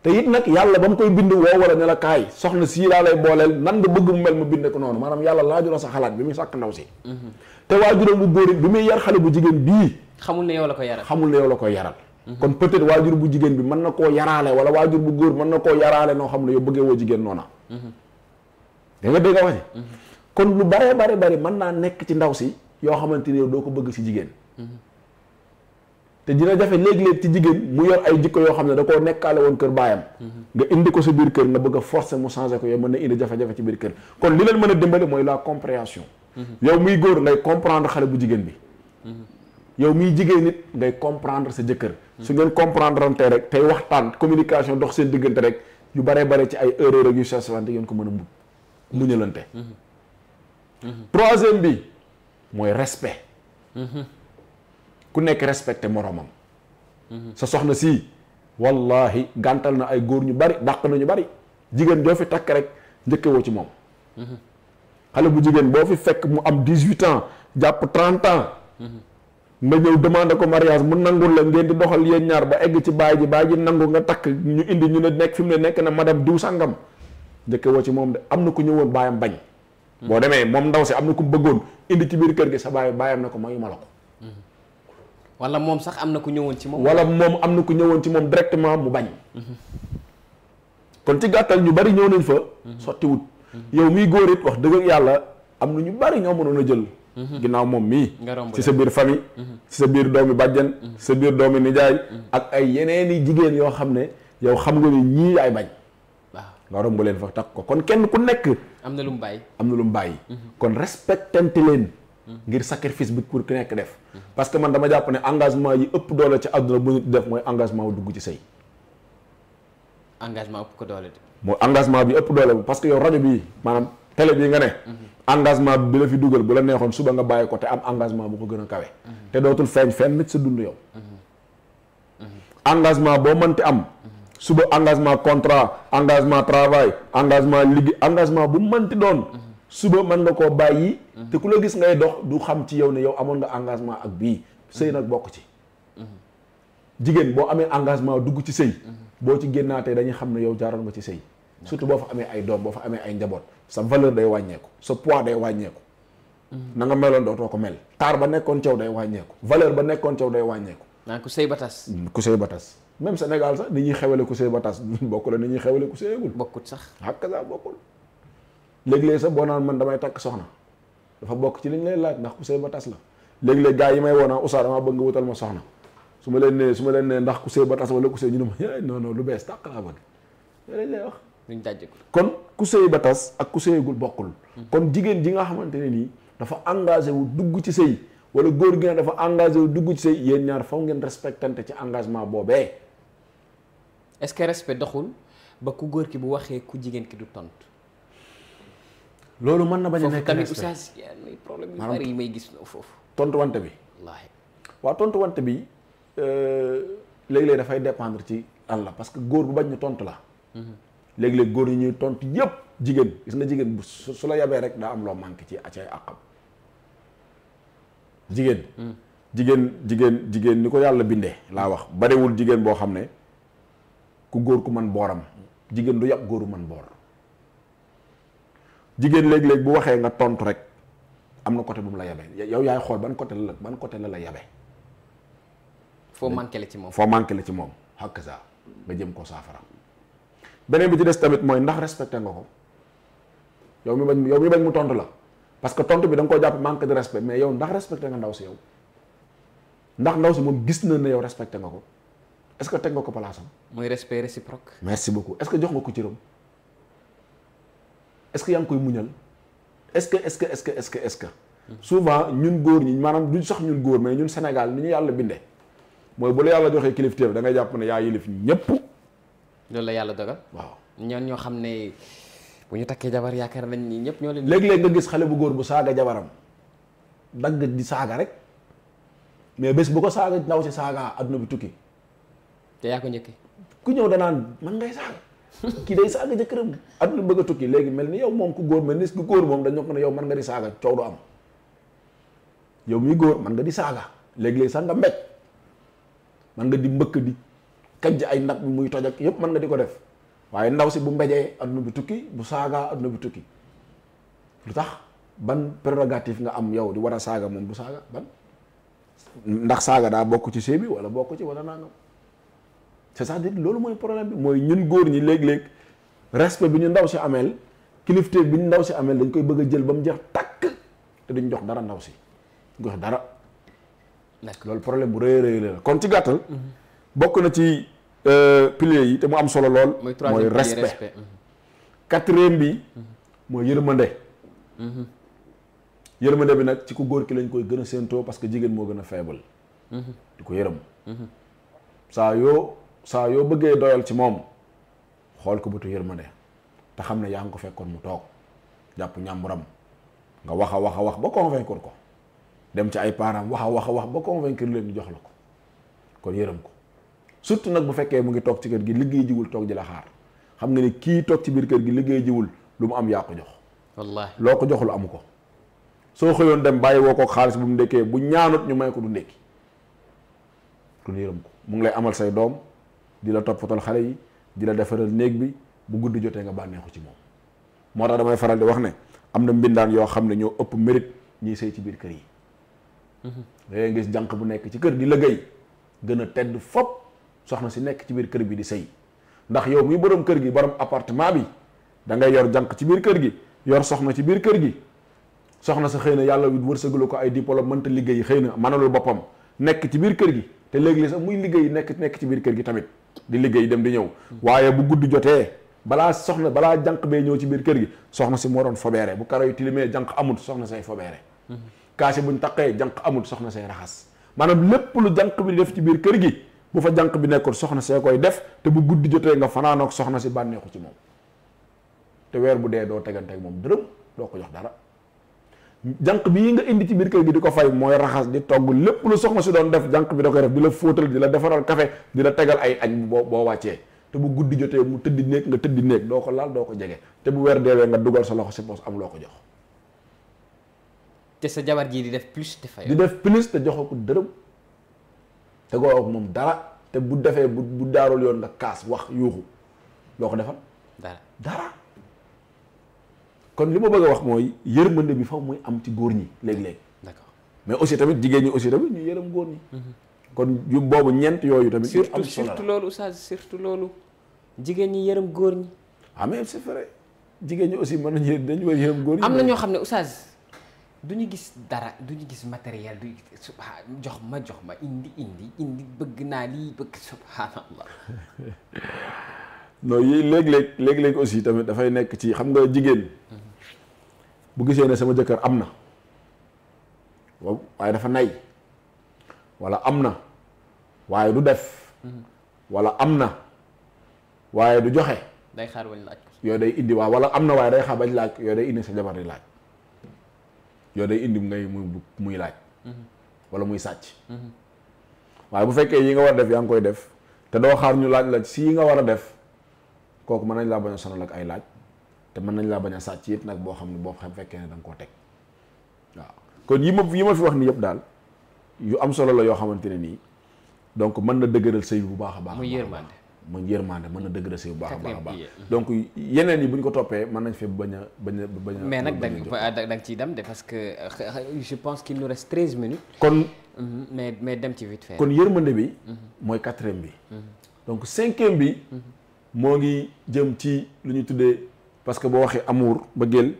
te it nag yàlla ba mu koy bind woo wala ne la kaay soxna sii laa lay booleel nan nga bëgg mu mel mu bind ko noonu maanaam yàlla laaju la sa xalaat bi muy sàkk ndaw si mhm. te waajuram bu góor bi muy bu jigéen bii xamul ne yow la ko yaral xamul ne la ko yaral mhm. kon peut-être waajur bu jigéen bi mën na koo yaraale wala waajur bu góor mën na koo yaraale noo xam ne yow bëggee woo jigéen noona mhm. da nga dégg waxe kon lu bare bare bari mën naa nekk ci ndaw si yoo xamante ne doo ko bëgg si jigéen te dina jafe léeg-léeg ci jigéen mu yor ay jikko yoo xam ne da koo nekkaale woon kër baayam nga indi ko sa biir kër nga bëgg a mu changé ko yow mën na indi jafe-jafe ci biir kër kon li leen mën a dimbale mooy la compréhension mhm. yow muy góor ngay comprendre xale bu jigéen bi mhm. yow miy jigéen nit ngay comprendre sa jëkkër su ngeen comprendre rek tey waxtaan communication dox seen diggante rek yu baree bare ci ay erreur ak yu sasante ngeen ko mën a mu muñalante mhm. troisième bi mooy respect ku nekk respecté moroomam sa soxna si wallahi gàntal na ay góor ñu bari dàq na ñu bari jigéen joo fi takk rek njëkke ci moom. xale bu jigéen boo fi fekk mu am dix huit ans jàpp trente ans. nga ñëw demandé ko mariage mu nangul la ngeen di doxal yéen ñaar ba egg ci baay ji baay ji nangu nga takk ñu indi ñu ne nekk fi mu ne nekk na madame diw sàngam njëkke ci moom de am na ku ñëwoon baayam bañ. boo demee moom ndaw si am na ku bëggoon indi ci biir kër gi sa baay baayam na ko mayuma la ko. wala moom sax am na ku ñëwoon ci moom. wala moom am na ku ñëwoon ci moom directement mu bañ. kon ci gàttal ñu bari ñëw nañ fa. sottiwut yow miy góor it wax dëgg ak yàlla am na ñu bari ñoo mënoon a jël. ginnaaw moom mii. ci sa biir famille. ci sa biir doomi bàjjen. ci sa biir doomi nijaay. ak ay yeneen i jigéen yoo xam ne yow xam nga ni ñii yaay bañ. nga romb leen fa takk ko kon kenn ku nekk. am na lu mu bàyyi am na lu mu bàyyi. kon respectante leen. ngir sacrifice bi pour ku nekk def. parce que man dama jàpp ne engagement yi ëpp doole ci àdduna bu nit def mooy engagement wu ci sëy. engagement ëpp ko doole de. bi ëpp doole parce que yow rajo bi maanaam télé bii nga ne. Mhm. engagement bi la fi dugal bu la neexoon suba nga bàyyi ko te am engagement bu ko gën a kawe. Mhm. te dootul feeñ fenn nit sa dund yow. Mhm. engagement boo mënti am. suba engagement contrat engagement travail engagement liggéey engagement bu mënti doon. suba man na koo bàyyi. Mhm. te ku la gis ngay dox du xam ci yow ne yow amoon nga engagement ak bii sëy nag bokk ci. Mhm. jigéen boo amee engagement dugg ci sëy mhm. boo ci génnaatee dañuy xam ne yow jaaroon nga ci sëy surtout boo fa amee ay doom boo fa amee ay njaboot sa valeur day wàññeeku sa poids day wàññeeku. na nga meloon dootoo ko mel. taar ba nekkoon caw day wàññeeku. valeur ba nekkoon caw day wàññeeku. naan ku sëy ba tas. Mm, ku sëy ba tas même Sénégal sax ñuy xewale ku sëy ba tas bokkul ni ñuy xewale ku sëyagul. bokkut sax. hakka bokkul. léeg-léeg sax boo man damay takk soxna dafa bokk ci li lay laaj ndax ku sëy ba tas la léeg-léeg yi may woo naan Oustaz damaa bëgg nga wutal ma soxna su ma leen nee su ma leen nee ndax ku sëy ba tas wala ku sëy ñu ne ma non non lu bees tàq laa bëgg loolu kon ku sëy ba tas ak ku sëyagul bokkul. kon jigéen ji nga xamante ne nii dafa engagé wu dugg ci sëy wala góor gi ne dafa engagé wu dugg ci sëy yéen ñaar faw ngeen respectante ci engagement boobee. est-ce que respect ba ku góor ki bu waxee ku jigéen ki du tontu. loolu mën na bañ a nekk tamit oustaz problème yu bari yi may gis foofu tontu wante bi wallaahi waaw tontu wante bi euh, léegi-léegi dafay dépendre ci Allah parce que góor bu bañ ni tontu la mhm. léegi-léegi góor yi ñuy tontu yépp jigéen gis na jigéen bu su la yabee rek daa am loo manqué ci acay àqam jigéen mhm. jigéen jigéen jigéen ni ko yàlla bindee laa wax barewul jigéen boo xam ne ku góor ku man booram jigéen du yàpp góoru man boor jigéen léeg-léeg bu waxee nga tontu rek am na côté bu mu la yabe yow yaay xool ban côté la ban côté la la yabe. foo manqué la ci moom foo manqué la ci moom xàq saa nga jëm ko saafara. beneen bi ci des tamit mooy ndax respecté nga ko yow mi bañ yow mi mu tontu la parce que tontu bi da nga jàpp manque de respect mais yow ndax respecté nga ndaw si yow ndax ndaw si moom gis na ne yow respecté nga ko est-ce que teg nga ko palaasam. mooy respect réciproque. merci beaucoup est-ce que jox nga ko cëram. est-ce que yaa ngi koy muñal est-ce que est-ce que est-ce souvent ñun góor ñi maanaam duñ sax ñun góor mais ñun senegal ni ñu yàlla binde mooy bu la yàlla joxee kilifteef da dangay jàpp ne yaa yilif ñëpp. loolu la yàlla dogal. waaw ñoon ñoo xam ne bu ñu takkee jabar yaakaar nañ ni ñëpp ñoo leen. léeg-léeg nga gis xale bu góor bu saaga jabaram dagg di saaga rek mais bés bu ko saaga ndaw si saaga adduna bu tukki. te yaa ko njëkk. ku ñëw danaan man ngay saaga. kii day saaga jëkkëram adduna bëgg a tukki léegi mel ni yow moom ku góor mel ni ku góor moom dañoo ko ne yow mën nga di saaga coow du am yow mi góor mën nga di saaga léegi-léegi sax nga mbéj mën nga di mbëkk di kajj ay ndab muy toj yëpp mën nga di ko def waaye ndaw si bu mbéjee adduna bu tukki bu saaga adduna bu tukki lu tax ban prérogative nga am yow di war a saaga moom bu saaga ban ndax saaga daa bokk ci séy bi wala bokk ci wala nangam c'est-à-dire loolu mooy problème bi mooy ñun góor ñi léeg-léeg respect bi ñu ndaw si ameel kilifte bi ñu ndaw si ameel dañ koy bëgg a jël ba mu jeex takk te duñ jox dara ndaw si duñ jox dara. loolu problème bu rëy rëy la kon ci gàttal. Mhm. bokk na ci euh, piliers yi te mu am solo lool. mooy respect mhm. quatrième bi mhm. mooy yërmande. yërmande bi nag ci ku góor ki lañ koy gën a séentoo parce que jigéen moo gën a faible. di ko yërëm. saa yoo. saa yoo bëggee doyal ci moom xool ko bëtu yërmande te xam ne yaa ngi ko fekkoon mu toog jàpp ñàmburam nga wax a wax a wax ba convaincre ko dem ci ay parent wax a wax a wax ba convaincre leen ñu jox la ko kon yërëm ko surtout nag bu fekkee mu ngi toog ci kër gi liggéey jiwul toog ji la xaar xam nga ne kii toog ci biir kër gi liggéey jiwul lu mu am yaa ko jox wallaahi loo ko joxul amu ko soo xëyoon dem bàyyi woo ko xaalis bu mu ndékkee bu ñaanut ñu may ko du ndékki kon yërëm ko mu ngi lay amal say doom di la toppatal xale yi di la defaral néeg bi bu guddi jotee nga bànneexu ci moom moo tax damay faral di wax ne am na mbindaan yoo xam ne ñoo ëpp mérite ñi sëy ci biir kër yi mhm. dangay gis jànq bu nekk ci kër di liggéey gën a tedd fop soxna si nekk ci biir kër bi di sëy ndax yow muy borom kër gi borom appartement bi da ngay yor jànq ci biir kër gi yor soxna ci biir kër gi soxna sa xëy na yàlla wërsëgalu ko ay diplôme mënta liggéey xëy na manalul boppam nekk ci biir kër gi te léegi léeg sax muy liggéey nekk nekk ci biir kër gi tamit di liggéey dem di ñëw waaye bu guddi jotee balaa soxna balaa jànq bee ñëw ci biir kër gi soxna si moo doon fobeere bu karo tilimee jànq amul soxna say fobeere kaasi buñ taqee jànq amul soxna say raxas maanaam lépp lu jànq bi di def ci biir kër gi bu fa jànq bi nekkoon soxna see koy def te bu guddi jotee nga fanaanook soxna si bànneexu ci moom te weer bu dee doo teganteeg moom dërëm doo ko jox dara bi bii nga indi ci biir kër gi di ko fay mooy raxas di togg lépp lu soxna si doon def jànq bi da koy def di la fóotal di la defaral café di la tegal ay añ boo boo wàccee te bu guddi jotee mu tëddi néeg nga tëddi néeg doo ko laal doo ko jege te bu weer deewee nga dugal sa loxo si poos am loo ko jox te sa jabar jii di def plus te fay di def plus te joxoo ko dërëm te goo ak moom dara te bu defee bu bu daarul yoon nga kaas wax yuuxu loo ko defal dara kon li ma bëgg a wax mooy yërmande bi faw muy am ci góor ñi léeg-léeg. d'accord mais aussi tamit jigéen ñi aussi tamit ñu yërëm góor ñi. Mhm. kon yu boobu ñeent yooyu tamit. yu am solo la loolu oustaz surtout loolu jigéen ñi yërëm góor ñi. ah jigéen ñi aussi mën nañu dañu war yërëm góor ñi. am na ñoo xam ne oustaz du ñu gis dara du ñu gis matériel du jox ma jox ma indi indi indi bëgg naa lii bëgg subhaanallah. non yii léeg-léeg léeg-léeg aussi tamit dafay nekk ci xam nga jigéen. Mhm. bu gisee ne sama jëkkër am na boobu waaye dafa nay wala am na waaye du def wala am na waaye du joxe day xaar bañ laaj yooyu day indi waaw wala am na waaye day xaar bañ laaj yooyu day indi sa jabar di laaj yooyu day indi ngay muy muy laaj mm-hmm. wala muy sàcc mm-hmm. waaye bu fekkee yi nga war a def yaa ngi koy def te doo xaar ñu laaj la si yi nga war a def kooku mën nañ laa bañ a sonal ak ay laaj te mën nañ laa bañ a sàcc it nag boo xam ne boo xam fekkee ne da nga koo teg waaw kon yi ma yi ma fi wax ni yëpp daal yu am solo la yoo xamante ne nii donc mën na dëgëral sëy bu baax a baax. muy yërmande muy yërmande mën na dëgëral sëy bu baax a baax a baax. donc yeneen yi bu ñu ko toppee mën nañ fi bañ a bañ a bañ a. mais nag da nga ciy dem de parce que je pense qu'il nous reste treize minutes. kon mmh, mais mais dem ci vite fait. kon yërmande bi. Mmh. mooy quatrième bi. Mmh. donc cinquième bi. moo ngi jëm ci lu ñu tuddee. parce que boo waxee amour bëggeel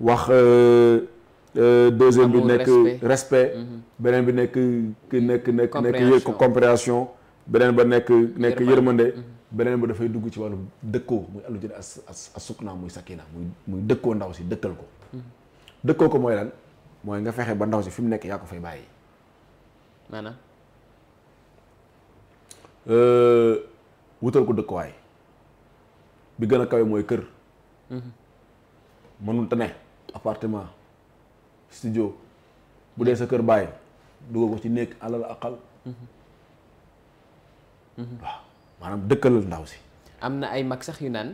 wax euh, euh, deuxième bi nekk respect mhm. beneen bi nekk nekk nekk nekk yëg compréhension beneen ba nekk nekk yërmande mhm. beneen ba dafay dugg ci wàllu dëkkoo muy alu jël as as asukna muy sakina muy muy dëkkoo ndaw si dëkkal ko mhm. dëkkoo ko mooy lan mooy nga fexe ba ndaw si fi mu nekk yaa ko fay bàyyi maanaam euh, wutal ko dëkkuwaay bi gën a kawe mooy kër mënul tane appartement studio bu dee sa kër bàyyi dugal ko ci néeg alal akal waaw maanaam dëkkalal ndaw si am na ay mag sax yu naan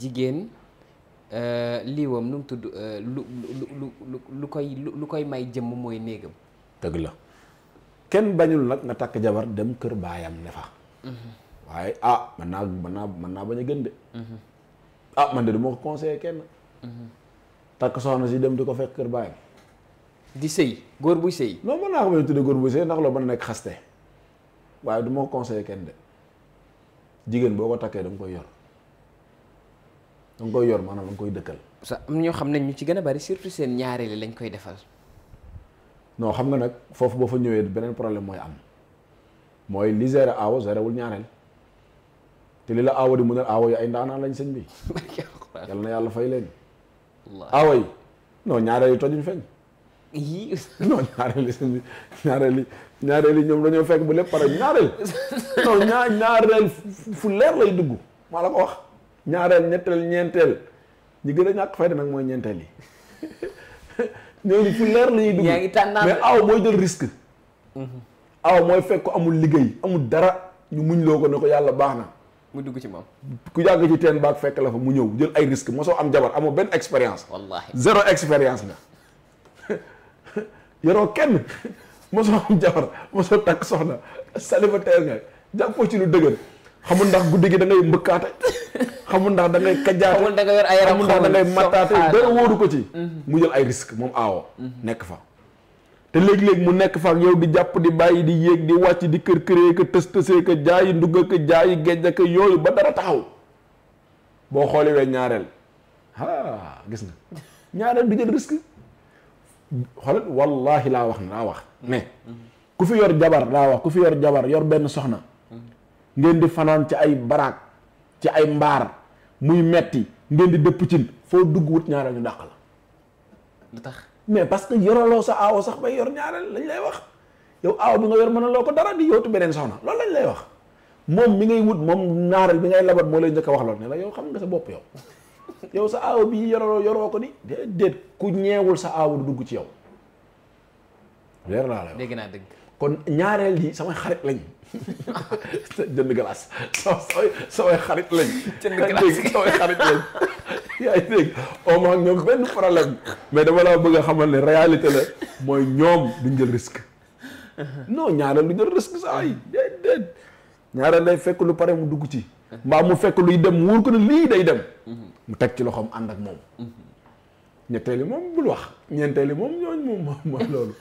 jigéen euh, liiwam nu mu tudd euh, lu lu lu lu koy lu koy may jëmm mooy néegam dëgg la kenn bañul nag nga takk jabar dem kër baayam ne fa mhm. waaye ah man naa man naa man naa bañ a gën de mhm. ah man de du ma ko conseillé kenn. Mhm. takk soxna si dem di ko fekk kër baayam. di sëy góor buy sëy. non mën naa ko may tuddee góor buy sëy ndax loolu mën nag nekk xaste waaye du ma ko conseillé kenn de jigéen boo ko takkee da koy yor da nga koy yor maanaam da nga koy dëkkal. sa ñoo xam nañ ñu ci gën a bari surtout seen ñaareeli lañ koy defal. noo xam nga nag foofu boo fa ñëwee beneen problème mooy am mooy li zéro aw zérowul ñaareel. te li la aawa di mënal aawa yi ay ndaanaan lañ sëñ bi yal na yàlla fay leen aawa yi non ñaareel yi tojuñ feeñ non ñaareel yi sëñ ñaareel yi ñaareel yi ñoom dañoo fekk bu lépp pare ñaareel non ñaa ñaareel fu leer lay dugg maa la ko wax ñaareel ñetteel ñeenteel ñi gën a ñàkk fayda nag mooy ñeenteel yi ñooñu fu leer la ñuy dugg yaa mooy jël risque mhm. aaw mooy fekk ko amul liggéey amul dara ñu muñ loo ko ko yàlla baax na mu dugg ci moom ku jàgg ci teen baag fekk la fa mu ñëw jël ay risque mosoo am jabar amoo benn expérience wallaahi zéro expérience nga yoroo kenn mosoo am jabar mosoo takk soxna célibataire nga jàppoo ci lu dëgër xamul ndax guddi gi da ngay mbëkkaate xamul ndax dangay ngay kajaate xamul da nga yor ay yaram xamul ndax da mattaate dara wóoru ko ci mhm. mu jël ay risque moom aawo mhm. nekk fa te léegi léeg mu nekk fa ak yow di jàpp di bàyyi di yéeg di wàcc di kër këree ka tës tësee ka jaayi ndugg ka jaayi géej yooyu ba dara taxaw boo xoolee wee ñaareel ah gis nga ñaareel du jël risque xoolal wallahi laa wax na laa wax mais ku fi yor jabar laa wax ku fi yor jabar yor benn soxna ngeen di fanaan ci ay baraak ci ay mbaar muy metti ngeen di dëpp cin foo dugg wut ñaareel ñu dàq la mais parce que yoraloo sa aawo sax bay yor ñaareel lañ lay wax yow aaw bi nga yor mën a loo ko dara di yowtu beneen soxna lool lañ lay wax moom mi ngay wut moom ñaareel bi ngay labat moo lay njëkk a wax loolu ne la yow xam nga sa bopp yow yow sa aaw bi yoraloo yoroo ko ni déedéet ku ñeewul sa aaw dugg ci yow leer naa la naa dégg kon ñaareel yi sama xarit lañ jënd glace sa samay xarit lañ. jënd glace samay xarit lañ. yaa ngi dégg moins ñoom benn problème mais dama la bëgg xamal ne réalité la mooy ñoom duñ jël risque. no ñaareel du jël risque saa yi déet ñaareel day fekk lu pare mu dugg ci. mbaa mu fekk luy dem wóor ko ne lii day dem. mu teg ci loxoom ànd ak moom. ñetteeli moom bul wax ñeenteeli moom ñooñ moom mooy loolu.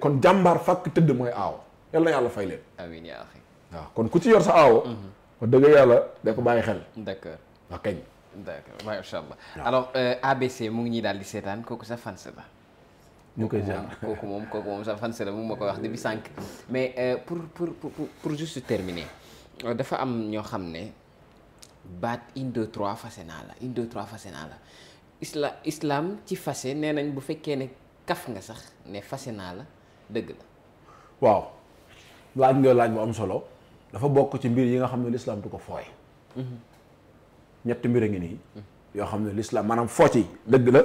kon jàmbaar fàkk tëdd mooy aaw. yal na yàlla fay leen. amiin yaa axi. waaw kon ku ci yor sa aawo. Mhm. wax dëgg yàlla da ko bàyyi xel. d' accord kañ. d' accord alors euh, ABC mu ngi ñuy daal di seetaan kooku sa fans la. ñu koy jaar kooku moom kooku moom sa fans la mu ma ko wax depuis sànq. mais euh, pour pour pour pour juste terminer euh, dafa am ñoo xam ne baat une deux trois fase naa la une la isla islam ci fase nee nañ bu fekkee ne kaf nga sax ne fase naa la dëgg la waaw. laaj nga laaj bu am solo dafa bokk ci mbir yi nga xam ne lislaam du ko fooy ñetti mbir a ngi nii yoo xam ne lislaam maanaam foo ci dëgg la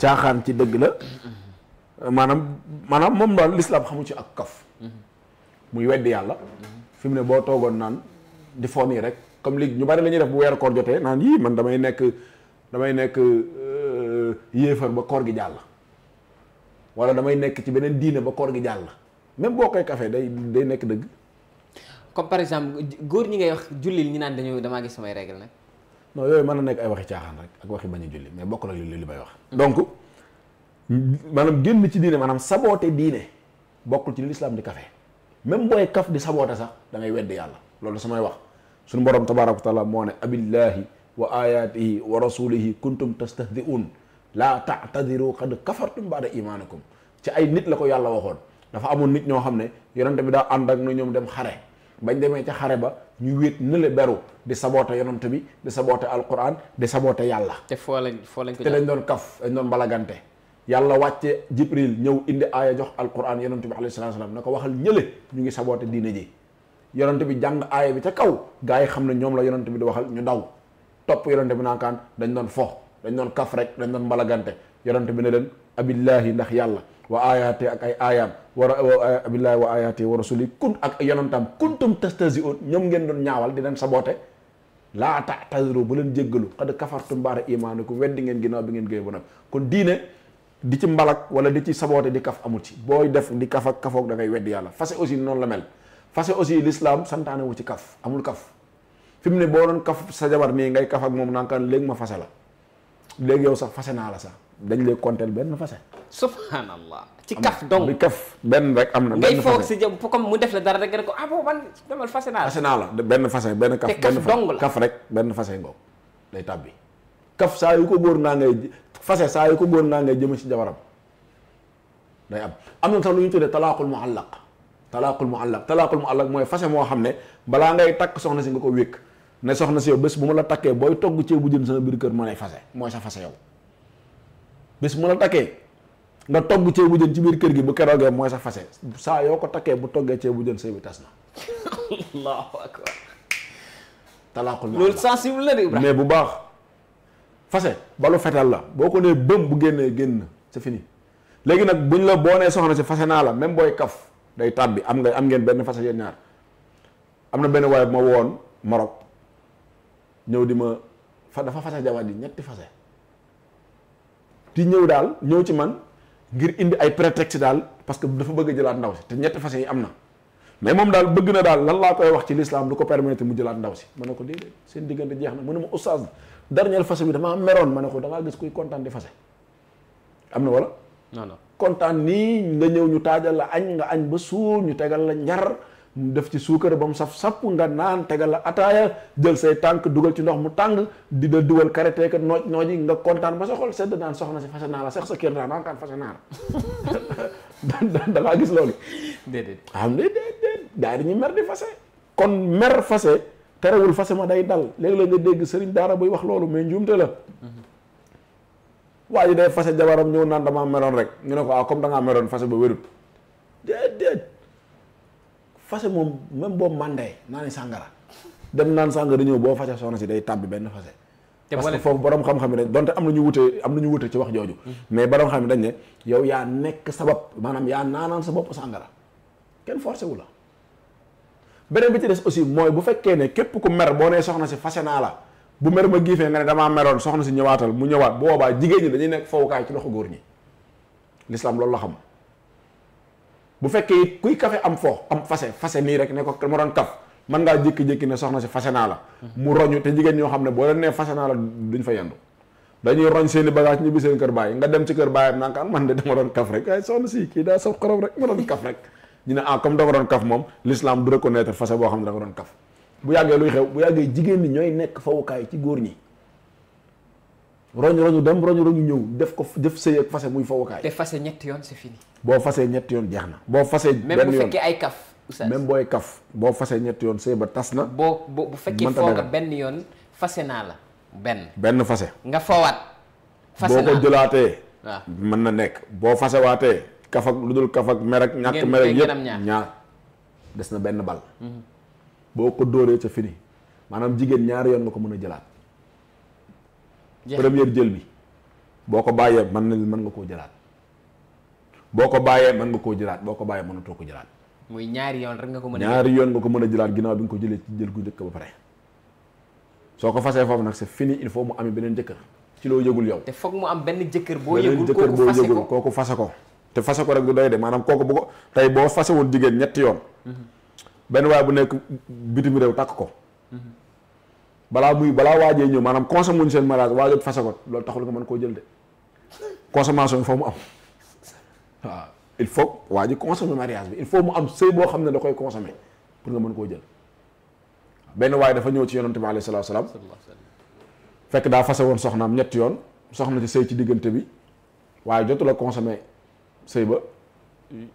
caaxaan ci dëgg la maanaam maanaam moom daal lislaam xamu ci ak kaf muy weddi yàlla fi mu ne boo toogoon naan di foo nii rek comme li ñu bari lañuy ñuy def bu weeru koor jotee naan yii man damay nekk damay nekk euh, yéefar ba koor gi jàll wala damay nekk ci beneen diine ba koor gi jàll même boo koy kafee day day nekk dëgg. comme par exemple góor ñi ngay wax jullil ñu naan dañu damaa gis samay règle nag. non yooyu mën na nekk ay waxi caaxaan rek ak waxi bañ a julli mais bokk na li li may wax. Hmm. donc maanaam génn ci diine maanaam saboote diine bokkul ci li lislaam di café même booy kaf di saboote sax dangay ngay yàlla loolu samay wax suñu borom tabaaraka wa taala moo ne abillahi wa ayatihi wa rasulihi kuntum tastahzi'un laa ta'tadiru qad kafartum ba'da imanikum ci ay nit la ko yàlla waxoon. dafa amoon nit ñoo xam ne yonante bi daa ànd ak na ñoom dem xare bañ demee ca xare ba ñu wéet nële beru di saboote yonante bi di saboote alquran di saboote yàlla te foo lañ foo lañ ko dañ doon kaf dañ doon balagante yàlla wàcce jibril ñëw indi aaya jox alquran yonante bi alayhi salaatu salaam na ko waxal ñële ñu ngi saboote diina ji yonante bi jàng aaya bi ca kaw gaa yi xam ne ñoom la yonante bi di waxal ñu daw topp yonante bi naakaan dañ doon fo dañ doon kaf rek dañ doon balagante yonante bi ne leen abillahi ndax yàlla wa ayaati ak ay ayaam war a eh, billahi wa ayaati wa rasuli kun ak yonantaam kuntum tastahzi'un ñoom ngeen doon ñaawal di leen saboté laa ta'tadiru bu leen jéggalu xad kafartum ba'da imaanikum weddi ngeen ginnaaw bi ngeen gëy bu nag kon diine di ci mbalak wala di ci saboté di kaf amul ci booy def di kaf ak kafoog da ngay weddi yàlla fase aussi noonu la mel fase aussi l'islam santaane wu ci kaf amul kaf fi mu ne boo doon kaf sa jabar nii ngay kaf ak moom naan kan léegi ma fase la léegi yow sax fase naa la sax dañ lay compter benn fase. subhanallah ci kaf dong bi kaf benn rek am na. ngay si jëm comme mu def la dara rek ko ah bon man demal fase naa la. fase benn fase benn kaf. te kaf dong la kaf rek benn fase ngoog day tàbbi. kaf saa yu ko góor naa ngay fase saa yu ko góor naa ngay jëme si jabaram day am am na sax lu ñu talaaxul tuddee talaaqul muallaq talaaqul muallaq talaaqul muallaq mooy fase moo xam ne balaa ngay takk soxna si nga ko wékk ne soxna si yow bés bu ma la takkee booy togg ceebu jën sama biir kër ma lay fase mooy sa fase yow. bis mu la takkee nga togg ceebu jën ci biir kër gi bu keroogee mooy sa fase saa yoo ko takkee bu toggee ceebu jën sëy bi tas na. allahu akbar. talaaqul loolu la de mais bu baax fase balu fetal la boo ko nee bëm bu génnee génn c'est fini léegi nag buñ la boo nee soxna si fase naa la même booy kaf day tàbbi am nga am ngeen benn fase yéen ñaar am na benn waaye ma woon Maroc ñëw di ma fa dafa fase jabar ji ñetti fase di ñëw daal ñëw ci man ngir indi ay prétexte daal parce que dafa bëgg a jëlaat ndaw si te ñetti façon yi am na mais moom daal bëgg na daal lan laa koy wax ci l'islam du ko permettre mu jëlaat ndaw si ma ne ko déedéet seen diggante jeex na mu ne ma oustaz dernière façon bi damaa meroon ma ne ko da ngaa gis kuy kontaan di fase am na wala non non kontaan nii nga ñëw ñu taajal la añ nga añ ba suur ñu tegal la njar mu def ci suukar ba mu saf sapp nga naan tegal la ataaya jël say tànk dugal ci ndox mu tàng di da dugal karate ka nooj nooji nga kontaan ba sa xol sedd naan soxna si fase naa la sax sa kër naan naa la gis loolu déedéet am ah, déedéet gaa yi dañuy mer di fase kon mer fase terewul fase ma day dal léeg-léeg nga dégg sëriñ daara buy wax loolu mais njuumte la waa ji ñëw naan damaa meloon rek ñu ne ko ah comme da ngaa meroon fase ba wérut déedéet fase moom même boobu mànday naa sàngara dem naan sàngara ñëw boo fase soxna si day tàbbi benn fase parce que foofu borom xam-xam ne donte am na ñu wute am na ñu wute ci wax jooju mm. mais borom xam ne dañ ne yow yaa nekk sa bopp maanaam yaa naanaan sa bopp sàngara kenn forcé wu la beneen bi ci des aussi mooy bu fekkee ne képp ku mer boo nee soxna si fase naa la bu mer ma giifee nga ne damaa meroon soxna si ñëwaatal mu ñëwaat bu boobaa jigéen ñi dañuy nekk fowukaay ci loxo góor ñi l'islam loolu la xam bu fekkee it kuy kafe am foo am fase fase nii rek ne ko ma doon kaf mën ngaa jékki-jékki ne soxna si fase naa la mu roñu te jigéen ñoo xam ne boo leen nee fase naa la duñ fa yendu dañuy roñ seen i bagage ñibbi seen kër baay nga dem ci kër baayam naan kaan ah, man de dama doon kaf rek waaye soxna si kii daa saf xorom rek ma doon kaf rek ñu ne ah comme da ko doon kaf moom l'islam du reconnaître fase boo xam ne da ko doon kaf bu yàggee luy xew bu yàggee jigéen ñi ñooy nekk fawukaay ci góor ñi roñ roñu dem roñ roñu ñëw def ko def sëy ak fase muy fowukaay. te fase ñetti yoon c'est fini. boo fasee ñetti yoon jeex na. boo fasee benn yoon ay kaf. oustaz même booy kaf boo fasee ñetti yoon sëy ba tas na. boo bu fekkee foo benn yoon fase naa la benn. benn fase. nga fawaat fase naa mën na nekk boo fasewaatee. kaf lu dul kaf ak mer ak ñàkk mer ak ñaar des na benn bal. Mhm. boo ko dóoree ca fini maanaam jigéen ñaari yoon nga ko mën a jëlaat. première jël bi boo ko bàyyee mën na mën nga koo jëlaat boo ko bàyyee mën nga koo jëlaat boo ko bàyyee mënatoo ko jëlaat muy ñaari yoon rek nga ko mën a ñaari yoon nga ko mën a jëlaat ginnaaw bi nga ko jëlee ci jël gu njëkk ba pare soo ko fasee foofu nag c'est fini il faut mu amee beneen jëkkër ci loo yëgul yow te foog mu am benn jëkkër boo yëgul jëkkër boo yëgul kooku fase ko te fase ko rek du doy de maanaam kooku bu ko tey boo fase woon jigéen ñetti yoon mhm. benn waaye bu nekk bitim réew takk ko mhm. balaa muy balaa waajee ñëw maanaam consommé wuñ seen mariage waajot fasagot loolu taxul nga mën koo jël de consommation bi foo mu am waaw il faut waa ji consommer mariage bi il faut mu am sëy boo xam ne da koy consommer pour nga mën koo jël benn waaye dafa ñëw ci yonante bi alayhi salaatu salaam fekk daa fase woon soxnaam ñetti yoon soxna si sëy ci diggante bi waaye jotul a consommer sëy ba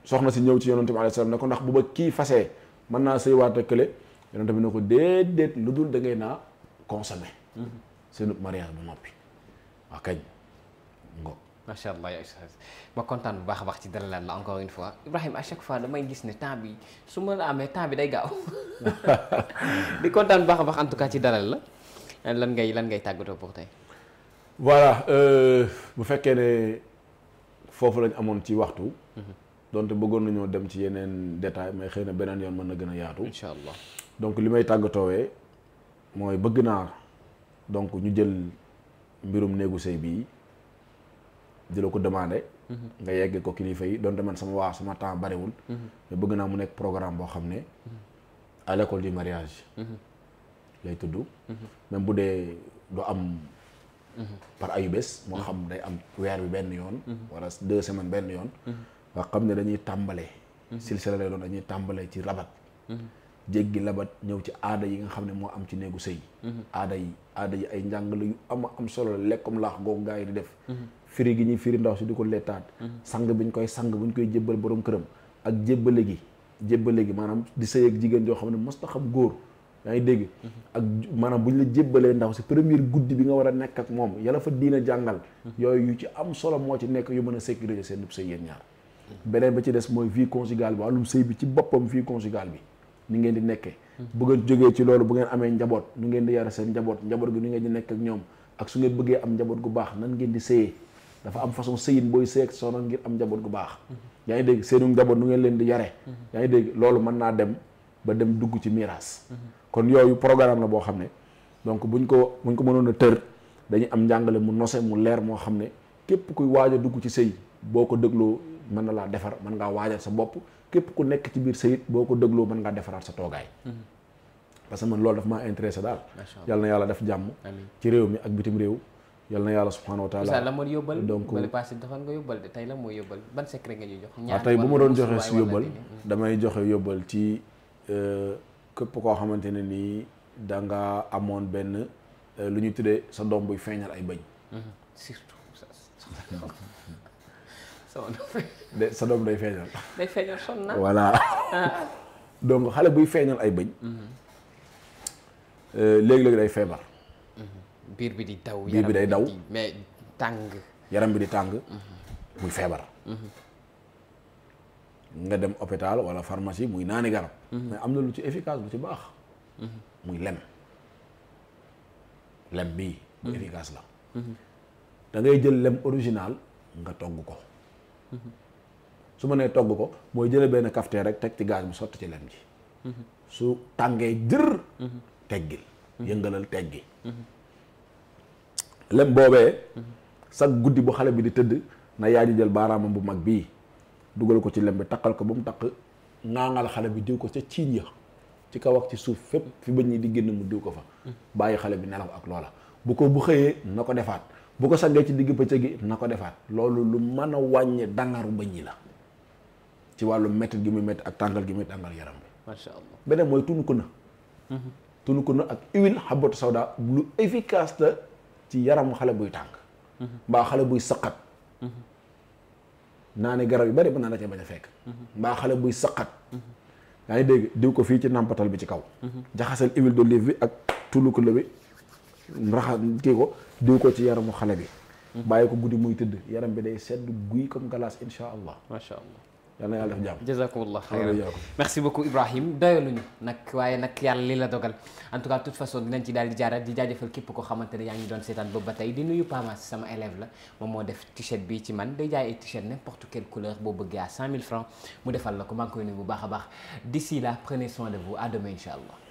soxna si ñëw ci yonante bi alayhi salaam ne ko ndax bu ba kii fasee mën naa sëy waat a kële yonante bi ne ko déedéet lu dul da ngay naa consommé. Mhm. seen mariage bu noppi wax kañ ngo ma kontaan bu baax a baax ci dalalaat la encore une fois Ibrahima à chaque fois damay gis ne temps bi su ma la amee temps bi day gaaw di kontaan bu baax a baax en ci dalal la lan ngay lan ngay tàggatoo pour tey. voilà euh, bu fekkee ne foofu lañ amoon ci waxtu. Mhm. donte bëggoon nañoo dem ci yeneen détail mais xëy na beneen yoon mën na gën a yaatu. incha allah donc li may tàggatoowee mooy bëgg naa donc ñu jël mbirum néegu sëy bii di ko demandé. Mm-hmm. nga yegg ko kilifa yi doon man sama waa sama temps bariwul. Mm-hmm. mais bëgg naa mu nekk programme boo xam ne. Mm-hmm. à l'école du mariage. lay tudd. même bu dee du am. par ayu bés. moo xam day am weer bi benn yoon. wala deux semaine benn yoon. nga xam ne dañuy tàmbale. silsila lay doon dañuy tàmbale ci rabat. jéggi labat ñëw ci aada yi nga xam ne moo am ci néegu sëy aada yi aada ay njàng la yu ama am solo la lekkum laax googu gaa yi di def firi gi ñuy firi ndaw si di ko leetaat sang bi ñu koy sang bu ñu koy jébbal boroom këram ak jébbale gi jébbale gi maanaam di sëy ak jigéen joo xam ne mos ta xam góor yaa ngi dégg ak maanaam bu ñu la jébbalee ndaw si première guddi bi nga war a nekk ak moom yàlla fa diina jàngal yooyu yu ci am solo moo ci nekk yu mën a sécuriser seen sëy yéen ñaar beneen ba ci des mooy vie conjugale bi wàllum sëy bi ci boppam vie conjugale bi ni ngeen di nekkee bu ngeen jógee ci loolu bu ngeen amee njaboot nu ngeen di yara seen njaboot njaboot gi ni ngeen di nekk ak ñoom ak su ngeen bëggee am njaboot gu baax nan ngeen di sëyee dafa am façon sëyin booy sëy ak soxna ngir am njaboot gu baax mm-hmm. yaa ngi dégg seenu njaboot nu ngeen leen di yare mm-hmm. yaa ngi dégg loolu mën naa dem ba dem dugg ci miraas mm-hmm. kon yooyu programme la boo xam ne donc buñ ko buñ ko mënoon a tër dañuy am njàngale mu nose mu leer moo xam ne képp kuy waaj a dugg ci sëy boo ko dégloo mën na laa defar mën ngaa waajal sa bopp képp ku nekk ci biir sayit boo ko dégloo mën ngaa defaraat sa toogaay mhm. parce que man loolu daf maa intéressé daal yal na yàlla def jàmm ci réew mi ak bitim réew yal na yàlla subhanahu wa taala la moo yóbbal donc bale passé dafa nga yóbbal de tey la moo yóbbal ban secret nga ñuy jox waaw ah, tey bu ma doon joxe si yóbbal damay hmm. joxe yóbbal ci euh, képp koo xamante ne nii da nga amoon benn euh, lu ñu tuddee sa doom buy feeñal ay bañ hmm. de sa doom day feeñal. day na voilà. Ah. donc xale buy feeñal ay bëñ. Mhm. Euh, léegi-léegi day feebar. Mhm. biir bi di daw biir bi day daw mais tàng. yaram bi di tàng. Mhm. muy feebar. nga dem hôpital wala pharmacie muy naani garab. mais am na lu ci efficace lu ci baax. muy lem. lem bii. bu efficace la. da jël lem original nga togg ko. su ma nee togg ko mooy jëlee benn cafetière rek teg ci gaz bi sotti ci lem ji su tàngee jër teggil yëngalal teggi lem boobee sag guddi bu xale bi di tëdd na yaay ji jël baaraamam bu mag bii dugal ko ci lem bi takkal ko ba mu takk ŋaaŋal xale bi diw ko ca ciiñ ya ci kaw ci suuf fépp fi bëñ ñi di génn mu diw ko fa bàyyi xale bi nelaw ak loola bu ko bu xëyee na ko defaat bu ko sangee ci digg bëccëg na ko defaat loolu lu mën a wàññee dangaru bëñ ñi la ci wàllu métti gi muy métti ak tàngal gi muy tàngal yaram bi. macha allah beneen mooy tunu na. tunu na ak huile xabatu sawda lu efficace la ci yaramu xale buy tàng. mbaa xale buy saqat. naa ne garab yu bari mën a fekk. mbaa buy saqat. yaa ngi dégg diw ko fii ci nampatal bi ci kaw. jaxasal huile d'olive bi ak tunu ko la bi raxa kii ko diw ko ci yaramu xale bi. bàyyi ko guddi muy tëdd yaram bi day sedd guy comme glace incha allah. macha allah. yàlla na yàlla def jàmm jazakumullah xayran merci beaucoup Ibrahim doyaluñu nag waaye nag yàlla li la dogal en tout cas toute façon dinañ ci daal di jaaraat di jaajëfal képp ko xamante ne yaa ngi doon seetaan boobu ba tey di nuyu Pama si sama élève la moom moo def t-shirt bi ci man day jaay ay t-shirt n'importe quelle couleur boo bëggee à 100000 francs mu defal la ko maa koy nuyu bu baax a baax d'ici là prenez soin de vous à demain incha allah